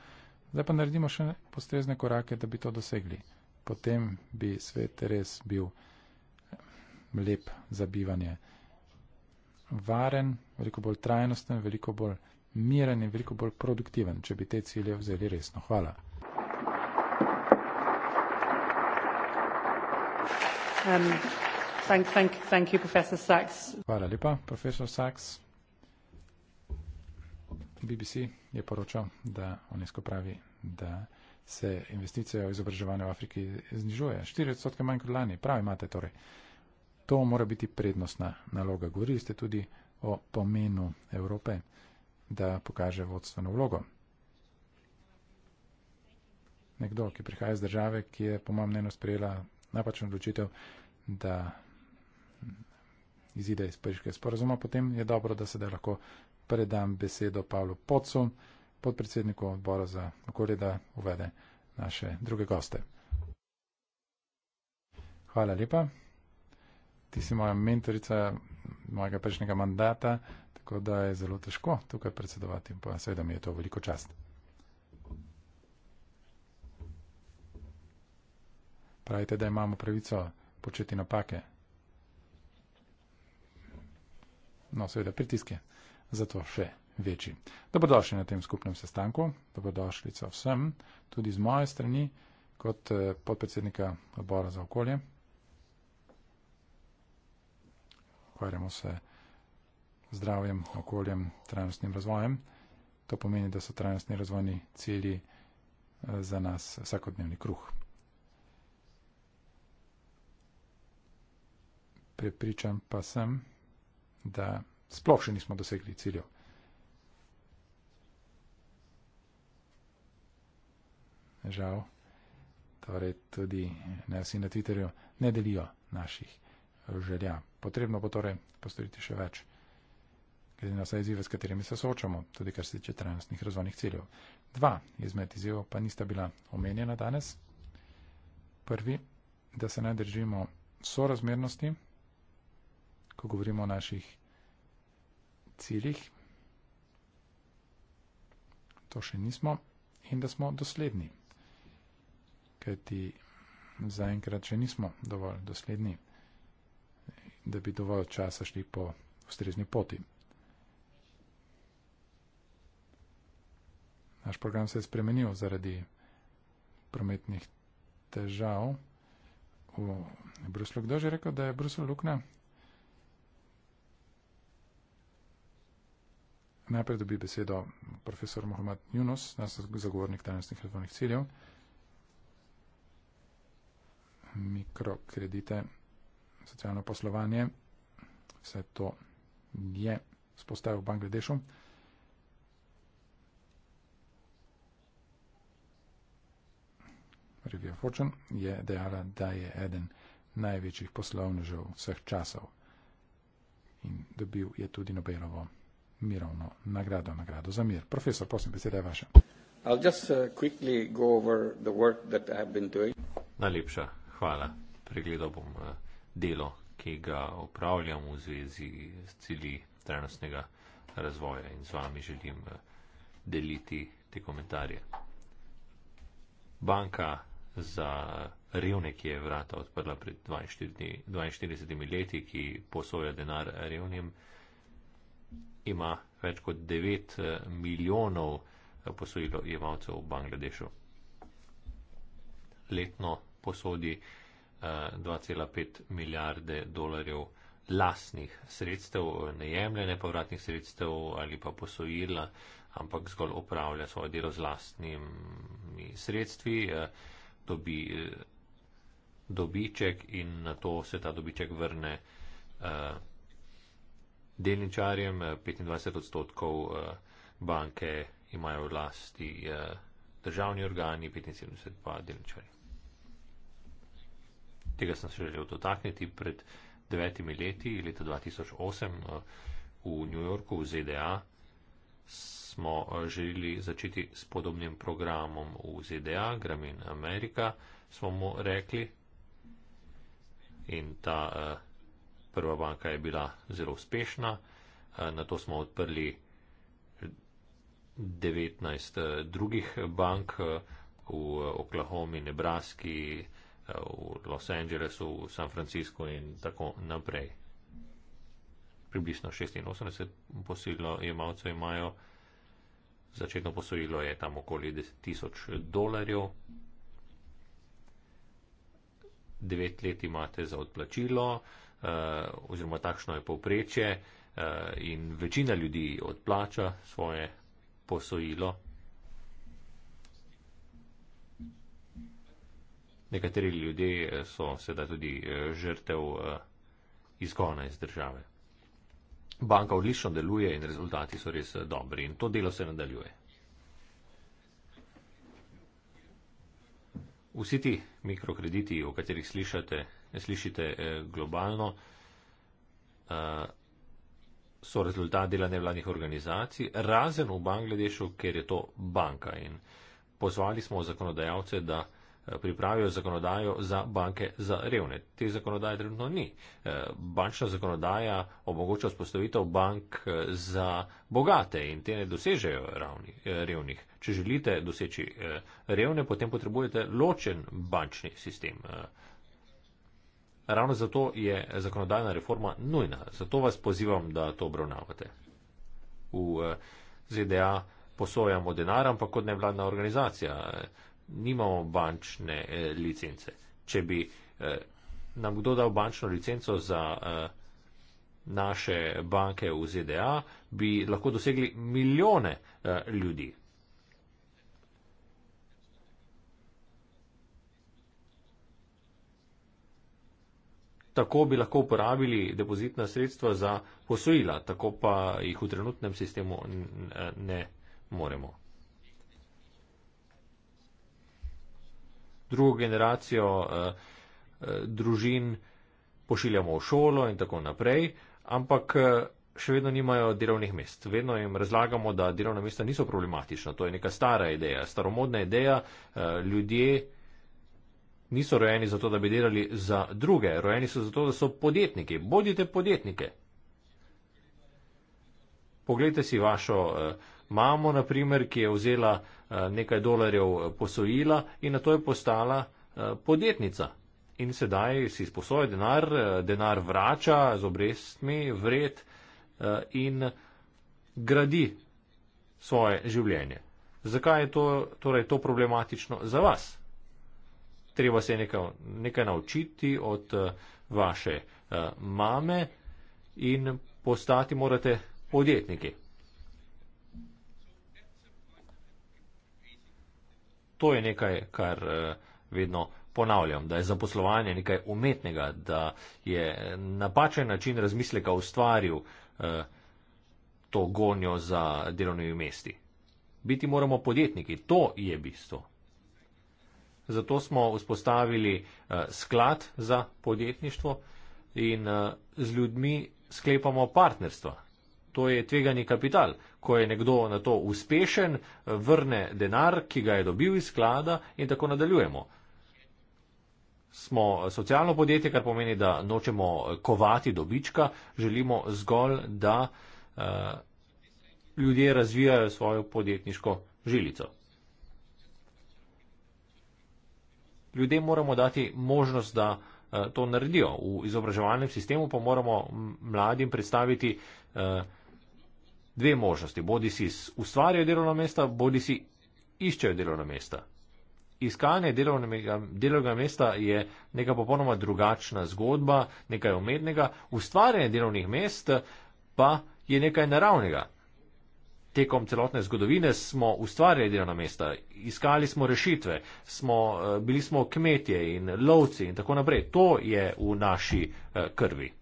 zdaj pa naredimo še postrezne korake, da bi to dosegli. Potem bi svet res bil eh, lep za bivanje. Varen, veliko bolj trajnosten, veliko bolj miren in veliko bolj produktiven, če bi te cilje vzeli resno. Hvala. Um, thank, thank, thank you, Professor Sachs. Hvala lepa, profesor Sachs. BBC je poročal, da UNESCO pravi, da se investicije v izobraževanje v Afriki znižuje. 4 odstotke manj kot lani, prav imate torej. To mora biti prednostna naloga. Govorili ste tudi o pomenu Evrope, da pokaže vodstveno vlogo. Nekdo, ki prihaja iz države, ki je, po mojem mnenju, sprejela napačno odločitev, da izide iz pariškega sporazuma, potem je dobro, da sedaj lahko predam besedo Pavlu Pocu, podpredsedniku odbora za okolje, da uvede naše druge goste. Hvala lepa. Ti si moja mentorica mojega prejšnjega mandata, tako da je zelo težko tukaj predsedovati, pa seveda mi je to veliko čast. Pravite, da imamo pravico početi napake. No, seveda, pritiske. Zato še večji. Dobrodošli na tem skupnem sestanku, dobrodošli so vsem, tudi z moje strani, kot eh, podpredsednika odbora za okolje. Hvarjamo se zdravjem, okoljem, trajnostnim razvojem. To pomeni, da so trajnostni razvojni cilji eh, za nas vsakodnevni kruh. prepričan pa sem, da sploh še nismo dosegli ciljev. Žal, torej tudi ne vsi na Twitterju ne delijo naših želja. Potrebno bo torej postoriti še več, glede na vse izzive, s katerimi se soočamo, tudi kar se tiče trajnostnih razvojnih ciljev. Dva izmed izzivov pa nista bila omenjena danes. Prvi, da se ne držimo sorazmernosti ko govorimo o naših ciljih. To še nismo in da smo dosledni. Ker ti zaenkrat še nismo dovolj dosledni, da bi dovolj časa šli po ustrezni poti. Naš program se je spremenil zaradi prometnih težav v Bruslu. Kdo že rekel, da je Brusel lukna? Najprej dobi besedo profesor Mohamed Junos, nas zagovornik trajnostnih razvojnih ciljev. Mikrokredite, socialno poslovanje, vse to je spostavil v Bangladešu. Revija Fortune je dejala, da je eden največjih poslovnežev vseh časov in dobil je tudi Nobelovo mirovno nagrado, nagrado za mir. Profesor, prosim, beseda je vaša. Uh, Najlepša hvala. Pregledal bom uh, delo, ki ga upravljam v zvezi s cilji trenostnega razvoja in z vami želim uh, deliti te komentarje. Banka za revne, ki je vrata odprla pred 42, 42 leti, ki posoja denar revnim, ima več kot 9 eh, milijonov eh, posojilo jemalcev v Bangladešu. Letno posodi 2,5 eh, milijarde dolarjev lasnih sredstev, ne jemlje nepovratnih sredstev ali pa posojila, ampak zgolj upravlja svoje delo z lastnimi sredstvi, dobi dobiček in na to se ta dobiček vrne delničarjem, 25 eh, odstotkov eh, banke imajo vlasti eh, državni organi, 75 pa delničarji. Tega sem se želel dotakniti pred devetimi leti, leta 2008 v New Yorku, v ZDA, smo želeli začeti s podobnim programom v ZDA, Gramin Amerika, smo mu rekli. In ta uh, prva banka je bila zelo uspešna, eh, na to smo odprli 19 eh, drugih bank eh, v Oklahomi, Nebraski, v Los Angelesu, v San Francisco in tako naprej. Približno 86 posilno imavcev imajo, začetno posojilo je tam okoli 10 tisoč dolarjev. 9 let imate za odplačilo, Eh, oziroma takšno je povprečje eh, in večina ljudi odplača svoje posojilo. Nekateri ljudje eh, so seveda tudi žrtev izgona iz države. Banka odlično deluje in rezultati so res dobri in to delo se nadaljuje. Vsi ti mikrokrediti, o katerih slišate, slišite eh, globalno, eh, so rezultat dela nevladnih organizacij, razen v Bangladešu, ker je to banka. In pozvali smo zakonodajalce, da eh, pripravijo zakonodajo za banke za revne. Te zakonodaje trenutno ni. Bančna zakonodaja omogoča vzpostavitev bank za bogate in te ne dosežejo ravni, revnih. Če želite doseči revne, potem potrebujete ločen bančni sistem. Ravno zato je zakonodajna reforma nujna. Zato vas pozivam, da to obravnavate. V eh, ZDA posojamo denar, ampak kot nevladna organizacija eh, nimamo bančne eh, licence. Če bi nam kdo dal bančno licenco za naše banke v ZDA, bi lahko dosegli milijone ljudi. tako bi lahko uporabili depozitna sredstva za posojila, tako pa jih v trenutnem sistemu ne moremo. Drugo generacijo eh, eh, družin pošiljamo v šolo in tako naprej, ampak eh, še vedno nimajo delovnih mest. Vedno jim razlagamo, da delovna mesta niso problematična. To je neka stara ideja, staromodna ideja. Ljudje niso rojeni zato, da bi delali za druge, rojeni so zato, da so podjetniki. Bodite podjetniki. Poglejte si vašo eh, mamo, na primer, ki je vzela eh, nekaj dolarjev eh, posojila in na to je postala eh, podjetnica. In sedaj si sposoja denar, eh, denar vrača z obrestmi, vred eh, in gradi svoje življenje. Zakaj je to, torej, to problematično za vas? treba se nekaj, nekaj naučiti od eh, vaše eh, mame in postati morate podjetniki. To je nekaj, kar eh, vedno ponavljam, da je zaposlovanje nekaj umetnega, da je napačen način razmisleka ustvaril to gonjo za delovnimi mesti. Biti moramo podjetniki, to je bistvo. Zato smo vzpostavili eh, sklad za podjetništvo in eh, z ljudmi sklepamo partnerstva. To je tvegani kapital. Ko je nekdo na to uspešen, eh, vrne denar, ki ga je dobil iz sklada in tako nadaljujemo. Smo socialno podjetje, kar pomeni, da nočemo kovati dobička, želimo zgolj, da uh, ljudje razvijajo svojo podjetniško žilico. ljudem moramo dati možnost, da eh, to naredijo. V izobraževalnem sistemu pa moramo mladim predstaviti eh, dve možnosti. Bodi si ustvarjajo delovno mesto, bodi si iščejo delovno mesto. Iskanje delovnega, delovnega mesta je neka popolnoma drugačna zgodba, nekaj umetnega. Ustvarjanje delovnih mest pa je nekaj naravnega tekom celotne zgodovine smo ustvarjali delovna mesta, iskali smo rešitve, smo, eh, bili smo kmetje in lovci in tako naprej. To je v naši eh, krvi.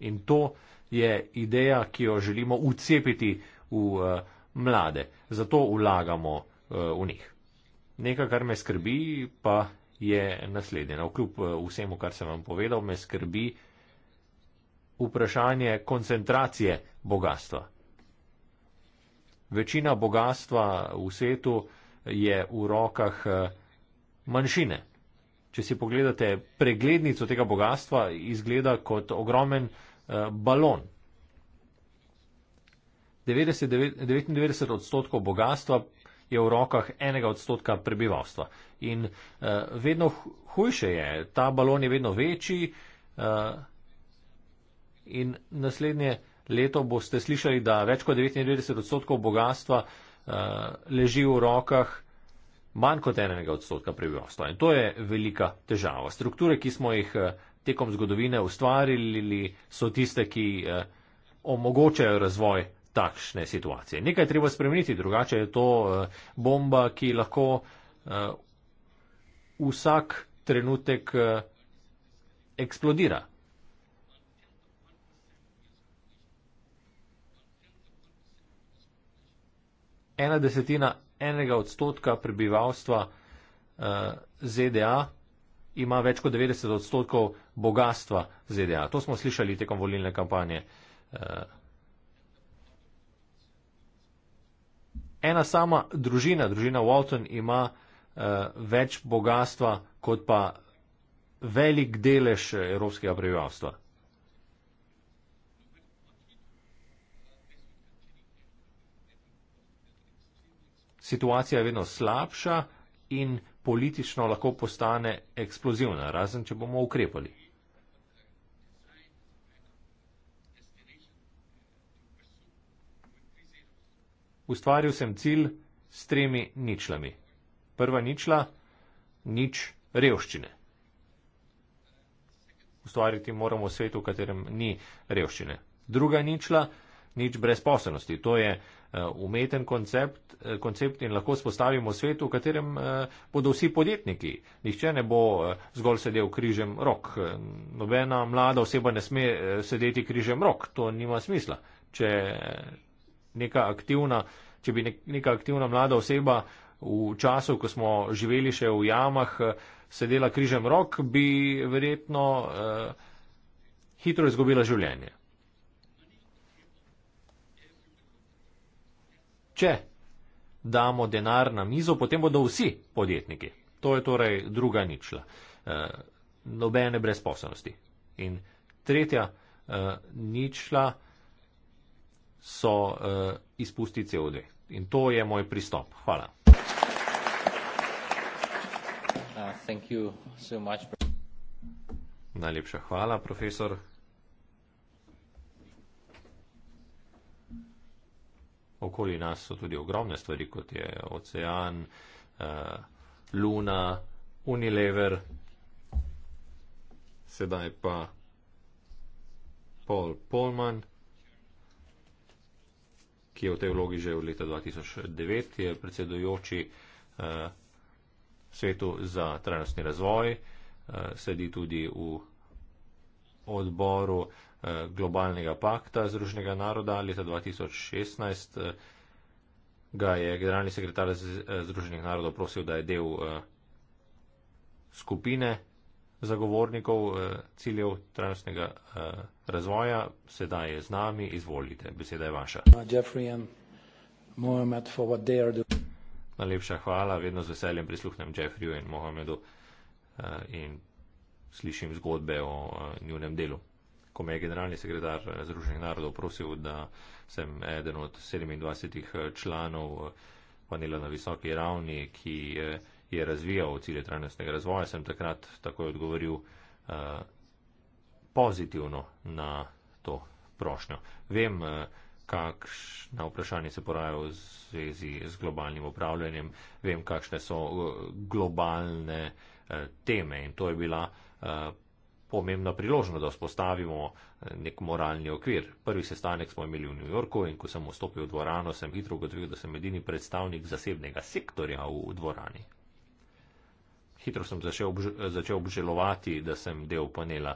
In to je ideja, ki jo želimo ucepiti v eh, mlade. Zato vlagamo v njih. Nekaj, kar me skrbi, pa je naslednje. Vkljub vsemu, kar sem vam povedal, me skrbi vprašanje koncentracije bogatstva večina bogatstva v svetu je v rokah eh, manjšine. Če si pogledate preglednico tega bogatstva, izgleda kot ogromen eh, balon. 99 odstotkov bogatstva je v rokah enega odstotka prebivalstva. In uh, vedno hujše je, ta balon je vedno večji uh, in naslednje uh, leto boste slišali, da več kot 99 odstotkov bogatstva eh, leži v rokah manj kot enega odstotka prebivalstva. In to je velika težava. Strukture, ki smo jih eh, tekom zgodovine ustvarili, so tiste, ki eh, omogočajo razvoj takšne situacije. Nekaj treba spremeniti, drugače je to bomba, ki lahko vsak trenutek eksplodira. ena desetina enega odstotka prebivalstva uh, eh, ZDA ima več kot 90 odstotkov bogatstva ZDA. To smo slišali tekom volilne kampanje. Uh, ena sama družina, družina Walton, ima uh, več bogatstva kot pa velik delež evropskega prebivalstva. situacija je vedno slabša in politično lahko postane eksplozivna, razen če bomo ukrepali. Ustvaril sem cilj s tremi ničlami. Prva ničla, nič revščine. Ustvariti moramo svet, v katerem ni revščine. Druga ničla, nič brezposobnosti. To je Eh, umeten koncept, eh, koncept in lahko spostavimo svet, v katerem eh, bodo vsi podjetniki. Nihče ne bo zgolj sedel križem rok. Nobena mlada oseba ne sme sedeti križem rok. To nima smisla. Če, neka aktivna, če bi neka aktivna mlada oseba v času, ko smo živeli še v jamah, sedela križem rok, bi verjetno eh, hitro izgubila življenje. če damo denar na mizo, potem bodo vsi podjetniki. To je torej druga ničla. E, eh, nobene brezposobnosti. In tretja e, ničla so e, izpusti CO2. In to je moj pristop. Hvala. Uh, so Najlepša hvala, profesor. okoli nas so tudi ogromne stvari, kot je ocean, eh, luna, unilever, sedaj pa Paul Polman, ki je v tej vlogi že od leta 2009, je predsedujoči eh, svetu za trajnostni razvoj, eh, sedi tudi v odboru Eh, globalnega pakta Združenega naroda leta 2016. Eh, ga je generalni sekretar eh, Združenih narodov prosil, da je del skupine zagovornikov ciljev trajnostnega razvoja. Sedaj je z nami, izvolite, beseda je vaša. Najlepša hvala, vedno z veseljem prisluhnem Jeffreyju in Mohamedu in slišim zgodbe o njunem delu ko me je generalni sekretar eh, Združenih narodov prosil, da sem eden od 27 eh, članov eh, panela na visoki ravni, ki je razvijal cilje trajnostnega razvoja, sem takrat takoj odgovoril pozitivno na to prošnjo. Vem, kakšna vprašanja se porajajo v zvezi z globalnim upravljanjem, vem, kakšne so globalne teme in to je bila pomembna priložnost, da vzpostavimo eh, nek moralni okvir. Prvi sestanek smo imeli v New Yorku in ko sem vstopil v dvorano, sem hitro ugotovil, da sem edini predstavnik zasebnega sektorja v dvorani. Hitro sem začel, obž začel obžalovati, da sem del panela.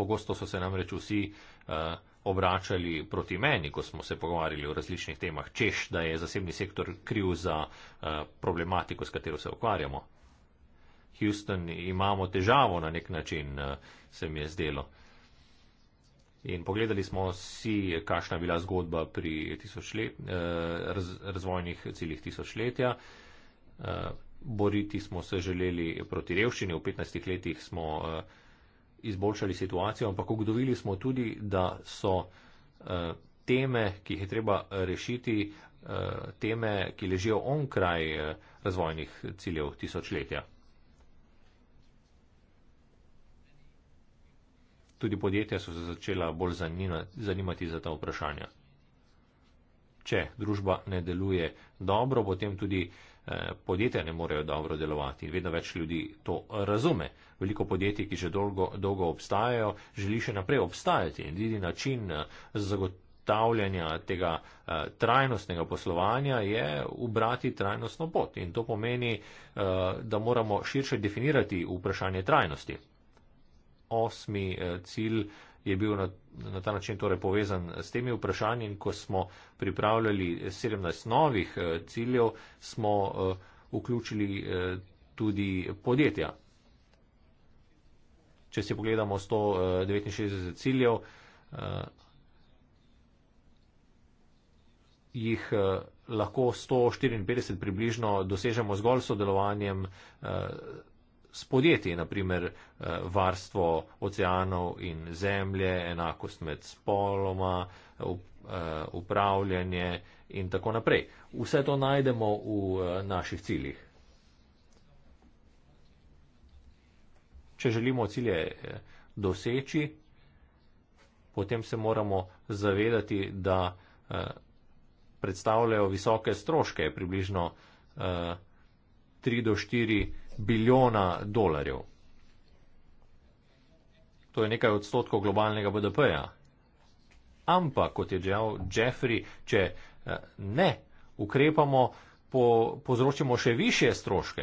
Pogosto so se namreč vsi uh, obračali proti meni, ko smo se pogovarjali o različnih temah, češ, da je zasebni sektor kriv za uh, problematiko, s katero se ukvarjamo. Houston imamo težavo na nek način, eh, se mi je zdelo. In pogledali smo si, kakšna je bila zgodba pri let, eh, razvojnih ciljih tisočletja. Eh, boriti smo se želeli proti revščini, v 15 letih smo izboljšali situacijo, ampak ugotovili smo tudi, da so teme, ki jih je treba rešiti, teme, ki ležijo onkraj razvojnih ciljev tisočletja. tudi podjetja so se začela bolj zanimati za ta vprašanja. Če družba ne deluje dobro, potem tudi eh, podjetja ne morejo dobro delovati. Vedno več ljudi to razume. Veliko podjetij, ki že dolgo, dolgo obstajajo, želi še naprej obstajati in vidi način eh, zagotavljanja tega eh, trajnostnega poslovanja je ubrati trajnostno pot. In to pomeni, da moramo širše definirati vprašanje trajnosti osmi eh, cilj je bil na, na ta način torej povezan s temi vprašanji in ko smo pripravljali 17 novih eh, ciljev, smo eh, vključili tudi podjetja. Če si pogledamo 169 ciljev, jih lahko 154 približno dosežemo zgolj sodelovanjem s podjetji, naprimer eh, varstvo oceanov in zemlje, enakost med spoloma, eh, upravljanje in tako naprej. Vse to najdemo v eh, naših ciljih. Če želimo cilje doseči, potem se moramo zavedati, da predstavljajo visoke stroške, približno 3 do 4 bilijona dolarjev. To je nekaj odstotkov globalnega BDP-ja. Ampak, kot je dejal Jeffrey, če eh, ne ukrepamo, po, povzročimo še više stroške.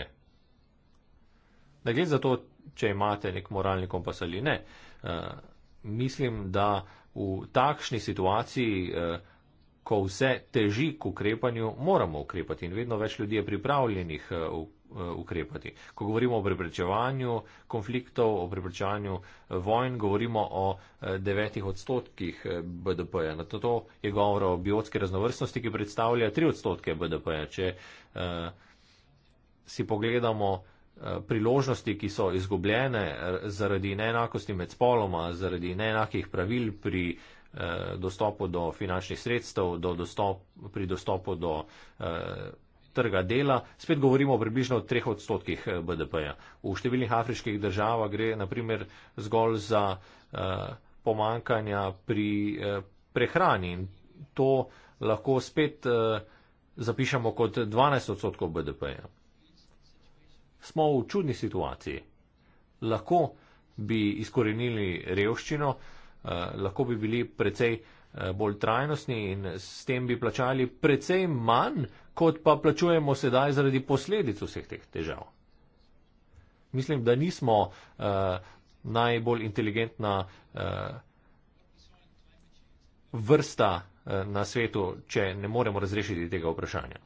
Ne gre za to, če imate nek moralni kompas ali ne. E, mislim, da v takšni situaciji, e, ko vse teži k ukrepanju, moramo ukrepati in vedno več ljudi je pripravljenih e, Eh, ukrepati. Ko govorimo o preprečevanju konfliktov, o preprečevanju eh, vojn, govorimo o eh, devetih odstotkih BDP-ja. Na to je govora o biotski raznovrstnosti, ki predstavlja tri odstotke BDP-ja. Če si pogledamo priložnosti, ki so izgubljene zaradi neenakosti med spoloma, zaradi neenakih pravil pri dostopu do finančnih sredstev, do dostop, pri dostopu do trga dela, spet govorimo o približno 3 odstotkih eh, BDP-ja. V številnih afriških državah gre naprimer zgolj za uh, pomankanja pri uh, prehrani in to lahko spet uh, zapišemo kot 12 odstotkov BDP-ja. Smo v čudni situaciji. Lahko bi izkorenili revščino, uh, lahko bi bili precej bolj trajnostni in s tem bi plačali precej manj kot pa plačujemo sedaj zaradi posledic vseh teh težav. Mislim, da nismo uh, najbolj inteligentna uh, vrsta uh, na svetu, če ne moremo razrešiti tega vprašanja.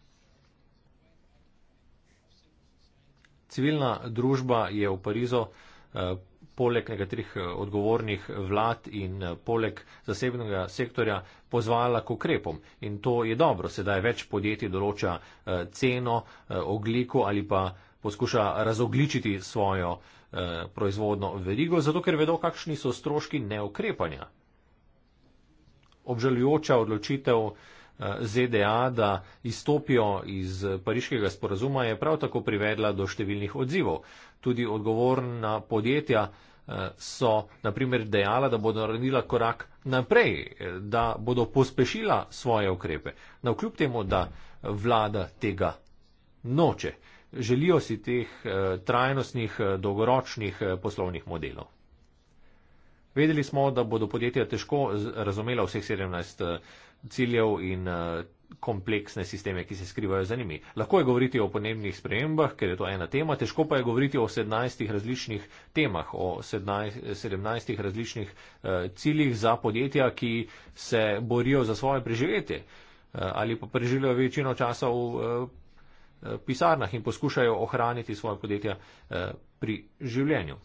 Civilna družba je v Parizu uh, poleg nekaterih eh, odgovornih eh, vlad in eh, poleg zasebnega sektorja pozvala k ukrepom. In to je dobro, sedaj več podjetij določa ceno, ogliko ali pa poskuša razogličiti svojo proizvodno verigo, zato ker vedo, kakšni so stroški neokrepanja. Obžalujoča odločitev ZDA, da izstopijo iz pariškega sporazuma, je prav tako privedla do številnih odzivov. Tudi odgovorna podjetja Eh, so naprimer dejala, da bodo naredila korak naprej, eh, da bodo pospešila svoje ukrepe. Na vkljub temu, da vlada tega noče. Želijo si teh eh, trajnostnih, dolgoročnih poslovnih modelov. Vedeli smo, da bodo podjetja težko razumela vseh 17 ciljev in uh, kompleksne sisteme, ki se skrivajo za njimi. Lahko je govoriti o podnebnih spremembah, ker je to ena tema, težko pa je govoriti o 17 različnih temah, o 17 različnih uh, ciljih za podjetja, ki se borijo za svoje preživetje uh, ali pa preživljajo večino časa v. Uh, pisarnah in poskušajo ohraniti svoje podjetja pri življenju.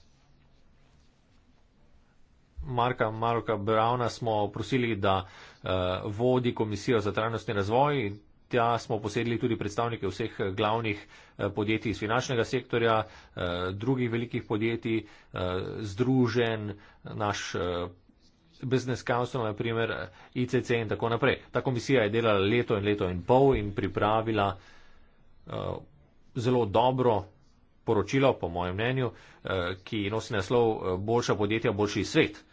Marka, Marka Browna smo prosili, da uh, vodi Komisijo za trajnostni razvoj. Tja smo posedili tudi predstavnike vseh glavnih eh, podjetij iz finančnega sektorja, eh, drugih velikih podjetij, združen, naš business council, naprimer ICC in tako naprej. Ta komisija je delala leto in leto in pol in pripravila zelo dobro poročilo, po mojem mnenju, ki nosi naslov Boljša podjetja, boljši svet.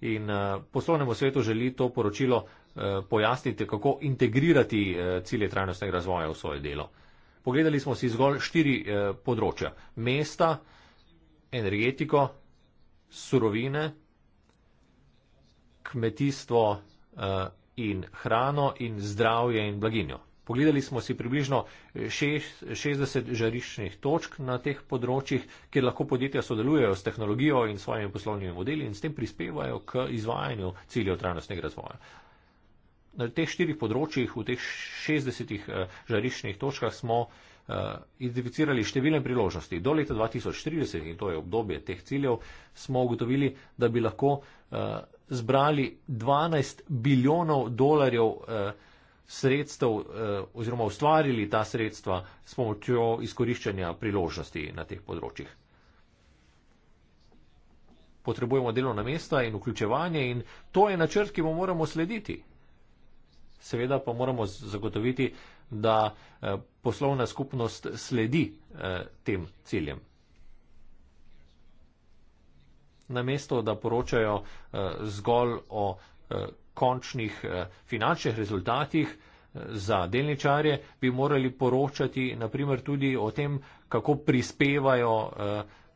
In poslovnemu svetu želi to poročilo Eh, pojasnite, kako integrirati eh, cilje trajnostnega razvoja v svoje delo. Pogledali smo si zgolj štiri eh, področja. Mesta, energetiko, surovine, kmetijstvo in hrano in zdravje in blaginjo. Pogledali smo si približno 60 žariščnih točk na teh področjih, kjer lahko podjetja sodelujejo s tehnologijo in svojimi poslovnimi modeli in s tem prispevajo k izvajanju ciljev trajnostnega razvoja na teh štirih področjih, v teh 60 eh, žariščnih točkah smo eh, identificirali številne priložnosti. Do leta 2030, in to je obdobje teh ciljev, smo ugotovili, da bi lahko eh, zbrali 12 biljonov dolarjev sredstev oziroma ustvarili ta sredstva s pomočjo izkoriščanja priložnosti na teh področjih. Potrebujemo delovna mesta in vključevanje in to je načrt, ki mu moramo slediti. Seveda pa moramo zagotoviti, da eh, poslovna skupnost sledi eh, tem ciljem. Namesto, da poročajo eh, zgolj o končnih finančnih rezultatih za delničarje, bi morali poročati naprimer tudi o tem, kako prispevajo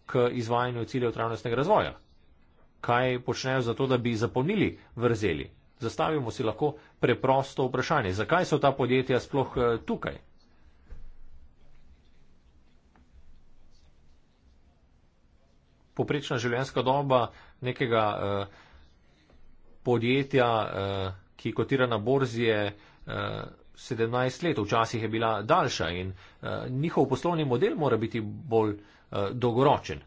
k izvajanju ciljev trajnostnega razvoja. Kaj počnejo za to, da bi zapolnili vrzeli Zastavimo si lahko preprosto vprašanje, zakaj so ta podjetja sploh eh, tukaj? Poprečna življenjska doba nekega eh, podjetja, eh, ki kotira na borzi, je eh, 17 let, včasih je bila daljša in eh, njihov poslovni model mora biti bolj eh, dolgoročen.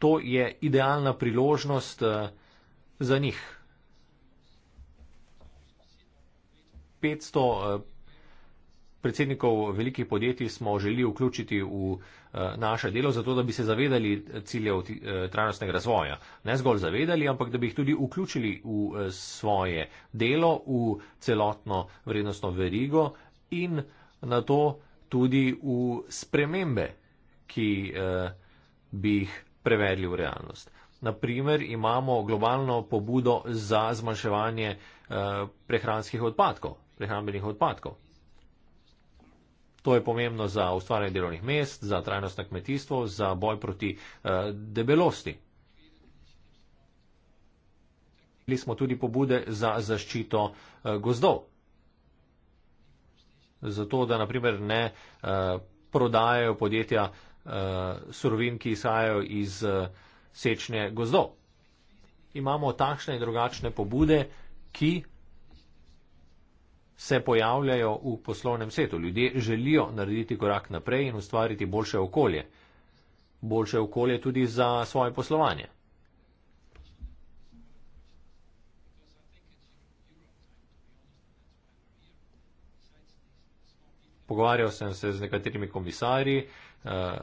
To je idealna priložnost eh, za njih. 500 eh, predsednikov velikih podjetij smo želeli vključiti v eh, naše delo, zato da bi se zavedali ciljev eh, trajnostnega razvoja. Ne zgolj zavedali, ampak da bi jih tudi vključili v svoje delo, v celotno vrednostno verigo in na to tudi v spremembe, ki bi jih prevedli v realnost. Naprimer, imamo globalno pobudo za zmanjševanje eh, prehranskih odpadkov prehrambenih odpadkov. To je pomembno za ustvarjanje delovnih mest, za trajnostno kmetijstvo, za boj proti uh, debelosti. Imeli smo tudi pobude za zaščito uh, gozdov. Zato, da naprimer ne uh, prodajajo podjetja uh, surovin, ki izhajajo iz uh, sečne gozdov. Imamo takšne in drugačne pobude, ki se pojavljajo v poslovnem svetu. Ljudje želijo narediti korak naprej in ustvariti boljše okolje. Boljše okolje tudi za svoje poslovanje. Pogovarjal sem se z nekaterimi komisarji. Eh,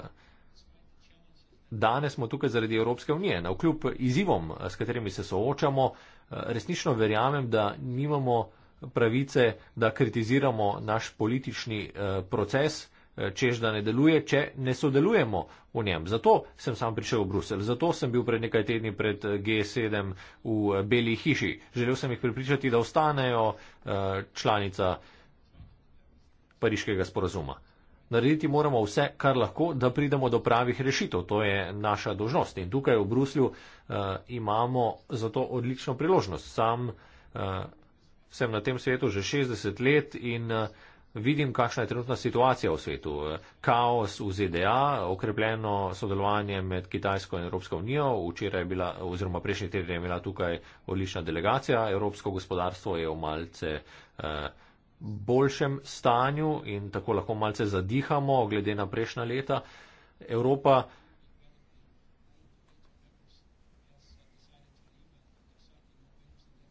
danes smo tukaj zaradi Evropske unije. Na vkljub izzivom, s katerimi se soočamo, eh, resnično verjamem, da nimamo pravice, da kritiziramo naš politični eh, proces, eh, čež da ne deluje, če ne sodelujemo v njem. Zato sem sam prišel v Bruselj, zato sem bil pred nekaj tedni pred eh, G7 v Beli hiši. Želel sem jih pripričati, da ostanejo članica pariškega sporazuma. Narediti moramo vse, kar lahko, da pridemo do pravih rešitev. To je naša dožnost. In tukaj v Bruslju uh, imamo zato odlično priložnost. Sam uh, sem na tem svetu že 60 let in eh, vidim, kakšna je trenutna situacija v svetu. Kaos v ZDA, okrepljeno sodelovanje med Kitajsko in Evropsko unijo. Včeraj je bila, oziroma prejšnji teden je bila tukaj odlična delegacija. Evropsko gospodarstvo je v malce eh, boljšem stanju in tako lahko malce zadihamo glede na prejšnja leta. Evropa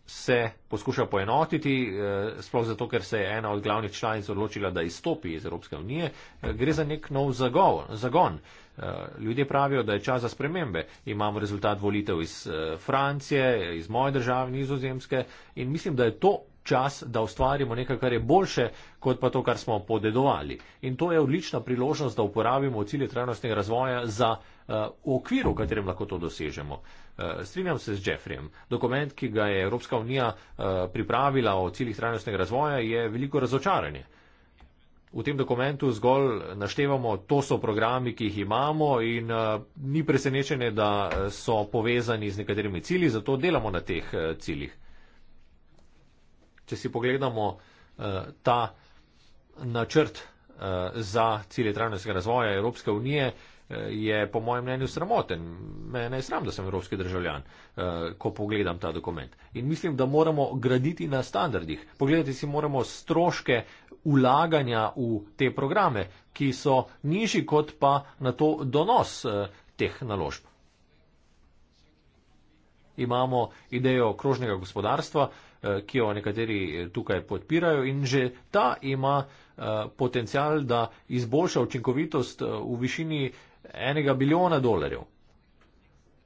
se poskuša poenotiti, eh, sploh zato, ker se je ena od glavnih članic odločila, da izstopi iz Evropske unije, eh, gre za nek nov zagon. Eh, ljudje pravijo, da je čas za spremembe. Imamo rezultat volitev iz Francije, iz moje države, nizozemske in mislim, da je to čas, da ustvarimo nekaj, kar je boljše, kot pa to, kar smo podedovali. In to je odlična priložnost, da uporabimo cilje trajnostnega razvoja za, uh, v okviru, v katerem lahko to dosežemo. Uh, Eh, strinjam se z Jeffrejem. Dokument, ki ga je Evropska unija eh, pripravila o ciljih trajnostnega razvoja, je veliko razočaranje. V tem dokumentu zgolj naštevamo, to so programi, ki jih imamo in eh, ni presenečenje, da so povezani z nekaterimi cilji, zato delamo na teh ciljih. Če si pogledamo ta načrt za cilje trajnostnega razvoja Evropske unije, je po mojem mnenju sramoten. Mene je sram, da sem evropski državljan, eh, ko pogledam ta dokument. In mislim, da moramo graditi na standardih. Pogledati si moramo stroške ulaganja v te programe, ki so nižji kot pa na to donos eh, teh naložb. Imamo idejo krožnega gospodarstva, eh, ki jo nekateri tukaj podpirajo in že ta ima potencial, da izboljša učinkovitost v višini enega biliona dolarjev.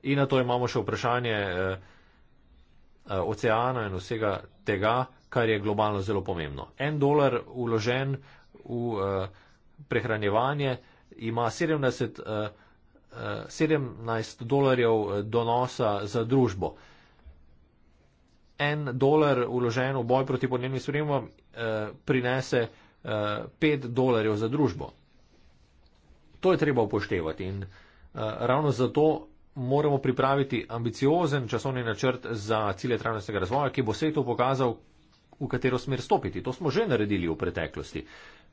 In na to imamo še vprašanje eh, eh, oceana in vsega tega, kar je globalno zelo pomembno. En dolar uložen v eh, prehranjevanje ima 17, 17 dolarjev donosa za družbo. En dolar uložen v boj proti podnebnim spremembam eh, prinese eh, 5 dolarjev za družbo to je treba upoštevati in eh, ravno zato moramo pripraviti ambiciozen časovni načrt za cilje trajnostnega razvoja, ki bo svetu pokazal, v katero smer stopiti. To smo že naredili v preteklosti.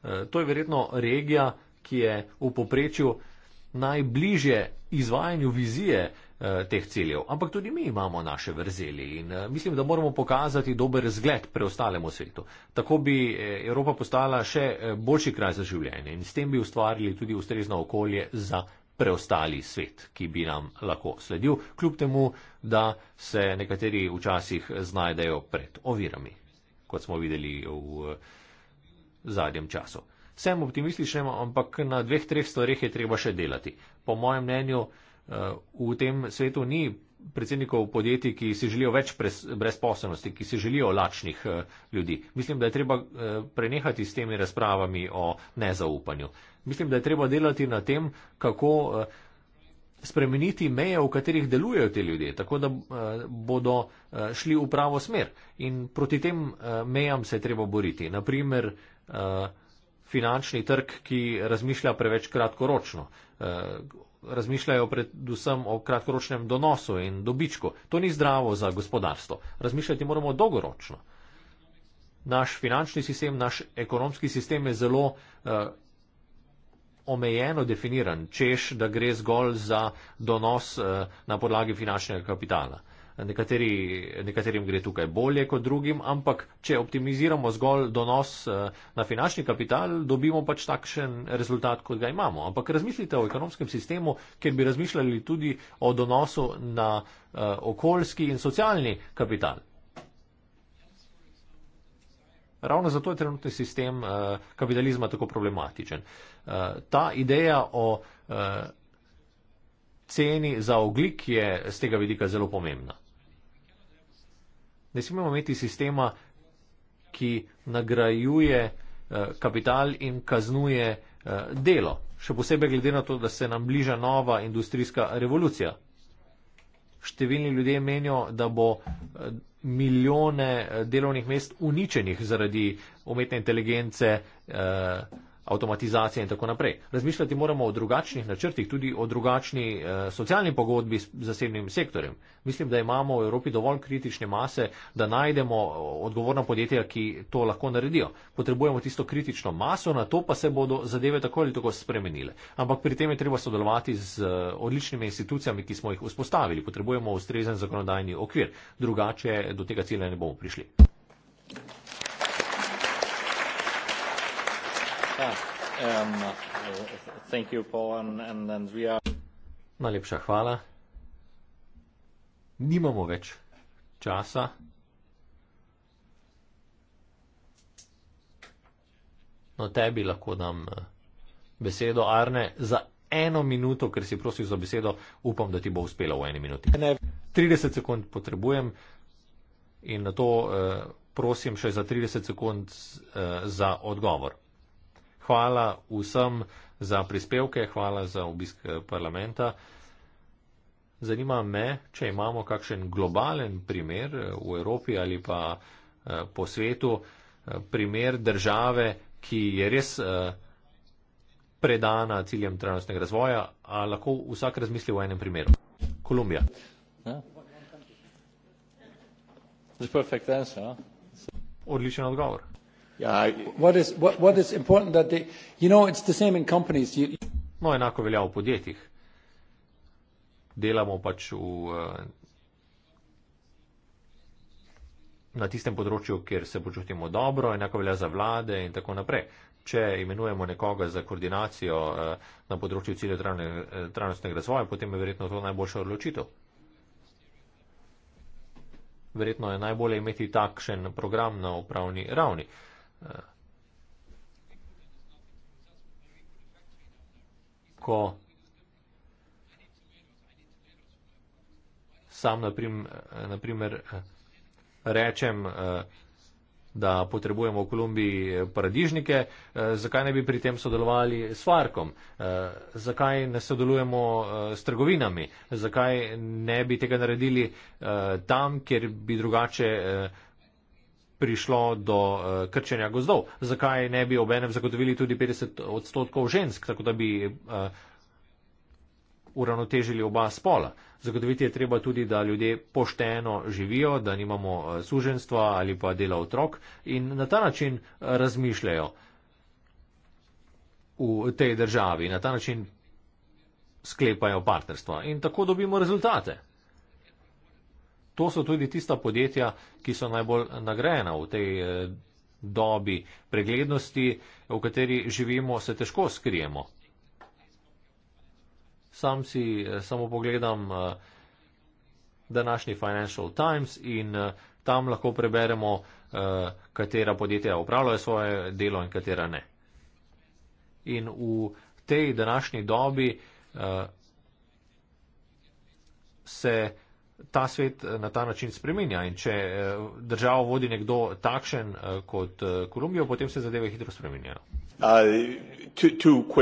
Eh, to je verjetno regija, ki je v poprečju najbližje izvajanju vizije, Eh, teh ciljev. Ampak tudi mi imamo naše vrzeli in eh, mislim, da moramo pokazati dober zgled preostalemu svetu. Tako bi eh, Evropa postala še boljši kraj za življenje in s tem bi ustvarili tudi ustrezno okolje za preostali svet, ki bi nam lahko sledil, kljub temu, da se nekateri včasih znajdejo pred ovirami, kot smo videli v zadnjem času. Sem optimističen, ampak na dveh, treh stvarih je treba še delati. Po mojem mnenju, Eh, v tem svetu ni predsednikov podjetij, ki si želijo več brezposobnosti, ki si želijo lačnih eh, ljudi. Mislim, da je treba eh, prenehati s temi razpravami o nezaupanju. Mislim, da je treba delati na tem, kako spremeniti meje, v katerih delujejo te ljudje, tako da bodo šli v pravo smer. In proti tem mejam se je treba boriti. Naprimer, finančni trg, ki razmišlja preveč kratkoročno razmišljajo predvsem o kratkoročnem donosu in dobičku. To ni zdravo za gospodarstvo. Razmišljati moramo dolgoročno. Naš finančni sistem, naš ekonomski sistem je zelo eh, omejeno definiran, češ, da gre zgolj za donos eh, na podlagi finančnega kapitala. Nekateri, nekaterim gre tukaj bolje kot drugim, ampak če optimiziramo zgolj donos eh, na finančni kapital, dobimo pač takšen rezultat, kot ga imamo. Ampak razmislite o ekonomskem sistemu, ker bi razmišljali tudi o donosu na eh, okoljski in socialni kapital. Ravno zato je trenutni sistem eh, kapitalizma tako problematičen. Ta ideja o ceni za oglik je z tega vidika zelo pomembna. Ne smemo imeti sistema, ki nagrajuje eh, kapital in kaznuje eh, delo. Še posebej glede na to, da se nam bliža nova industrijska revolucija. Številni ljudje menijo, da bo eh, milijone delovnih mest uničenih zaradi umetne inteligence, avtomatizacije in tako naprej. Razmišljati moramo o drugačnih načrtih, tudi o drugačni eh, socialni pogodbi z zasebnim sektorjem. Mislim, da imamo v Evropi dovolj kritične mase, da najdemo eh, odgovorna podjetja, ki to lahko naredijo. Potrebujemo tisto kritično maso, na to pa se bodo zadeve tako ali tako spremenile. Ampak pri tem je treba sodelovati z eh, odličnimi institucijami, ki smo jih vzpostavili. Potrebujemo ustrezen zakonodajni okvir. Drugače do tega cilja ne bomo prišli. Thank you. Ja, Najlepša hvala. Nimamo več časa. No, tebi lahko dam eh, besedo, Arne, za eno minuto, ker si prosil za besedo, upam, da ti bo uspelo v eni minuti. 30 sekund potrebujem in na to eh, prosim še za 30 sekund eh, za odgovor hvala vsem za prispevke, hvala za obisk eh, parlamenta. Zanima me, če imamo kakšen globalen primer eh, v Evropi ali pa eh, po svetu, primer države, ki je res predana ciljem trajnostnega razvoja, a lahko vsak razmisli v enem primeru. Kolumbija. Ja. Odličen odgovor. Yeah, I, what is what, what is important that they, you know, it's the same in companies. You, no, enako velja v podjetjih. Delamo pač v, eh, na tistem področju, kjer se počutimo dobro, enako velja za vlade in tako naprej. Če imenujemo nekoga za koordinacijo eh, na področju ciljev eh, trajnostnega razvoja, potem je verjetno to najboljša odločitev. Verjetno je najbolje imeti takšen program na upravni ravni. Uh, Eh, ko sam na primer, eh, na primer eh, rečem, da potrebujemo v Kolumbiji paradižnike, zakaj ne bi pri tem sodelovali s Farkom, zakaj ne sodelujemo s trgovinami, zakaj ne bi tega naredili tam, kjer bi drugače prišlo do uh, krčenja gozdov. Zakaj ne bi obenem zagotovili tudi 50 odstotkov žensk, tako da bi uh, uravnotežili oba spola? Zagotoviti je treba tudi, da ljudje pošteno živijo, da nimamo uh, eh, suženstva ali pa dela otrok in na ta način razmišljajo v tej državi, na ta način sklepajo partnerstva in tako dobimo rezultate to so tudi tista podjetja, ki so najbolj nagrajena v tej eh, dobi preglednosti, v kateri živimo, se težko skrijemo. Sam si eh, samo pogledam eh, današnji Financial Times in tam lahko preberemo, katera podjetja upravljajo svoje delo in katera ne. In v tej današnji dobi se ta svet eh, na ta način spreminja. In če eh, državo vodi nekdo takšen eh, kot Kolumbijo, potem se zadeve hitro spreminjajo. Uh,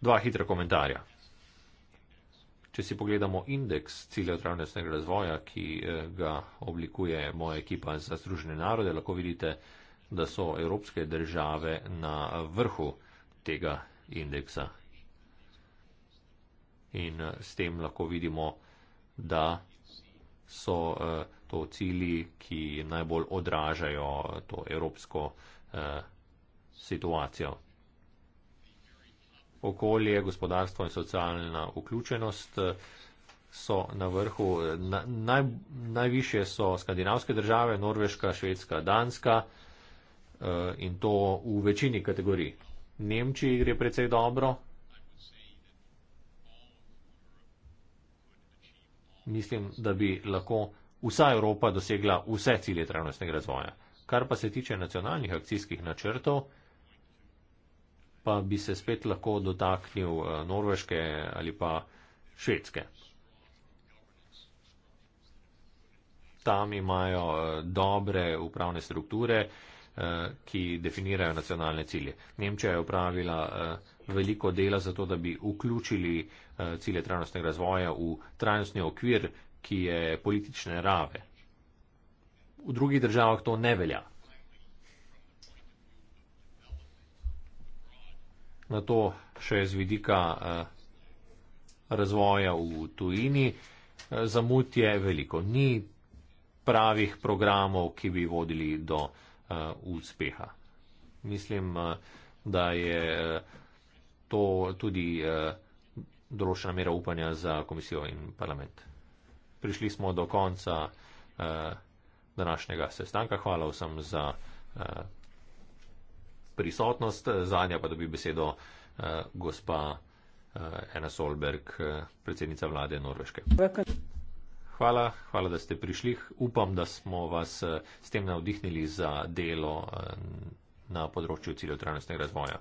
Dva hitra komentarja. Če si pogledamo indeks ciljev trajnostnega razvoja, ki ga oblikuje moja ekipa za Združene narode, lahko vidite, da so evropske države na vrhu tega indeksa. In eh, s tem lahko vidimo, da so eh, to cili, ki najbolj odražajo to evropsko eh, situacijo. Okolje, gospodarstvo in socialna vključenost so na vrhu. Na, naj, najviše so skandinavske države, Norveška, Švedska, Danska in to v večini kategorij. Nemčiji gre precej dobro, mislim, da bi lahko vsa Evropa dosegla vse cilje trajnostnega razvoja. Kar pa se tiče nacionalnih akcijskih načrtov, pa bi se spet lahko dotaknil eh, Norveške ali pa Švedske. Tam imajo eh, dobre upravne strukture, Eh, ki definirajo nacionalne cilje. Nemčija je upravila eh, veliko dela za to, da bi vključili eh, cilje trajnostnega razvoja v trajnostni okvir, ki je politične rave. V drugih državah to ne velja. Na to še z vidika razvoja v tujini zamut je veliko. Ni pravih programov, ki bi vodili do uh, uspeha. Mislim, uh, da je to tudi uh, določena mera upanja za komisijo in parlament. Prišli smo do konca uh, današnjega sestanka. Hvala vsem za uh, prisotnost. Zadnja pa dobi besedo uh, gospa. Ena Solberg, predsednica vlade Norveške. Vekaj hvala, hvala, da ste prišli. Upam, da smo vas eh, s tem navdihnili za delo eh, na področju ciljev trajnostnega razvoja.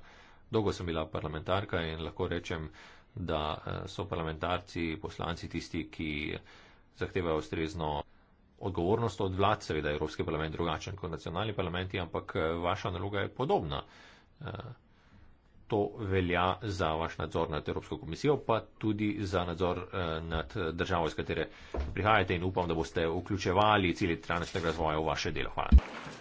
Dolgo sem bila parlamentarka in lahko rečem, da eh, so parlamentarci, poslanci tisti, ki zahtevajo ustrezno odgovornost od vlad, seveda Evropski parlament drugačen kot nacionalni parlamenti, ampak vaša naloga je podobna to velja za vaš nadzor nad Evropsko komisijo, pa tudi za nadzor eh, nad eh, državo, iz katere prihajate in upam, da boste vključevali cilje trajnostnega razvoja v vaše delo. Hvala.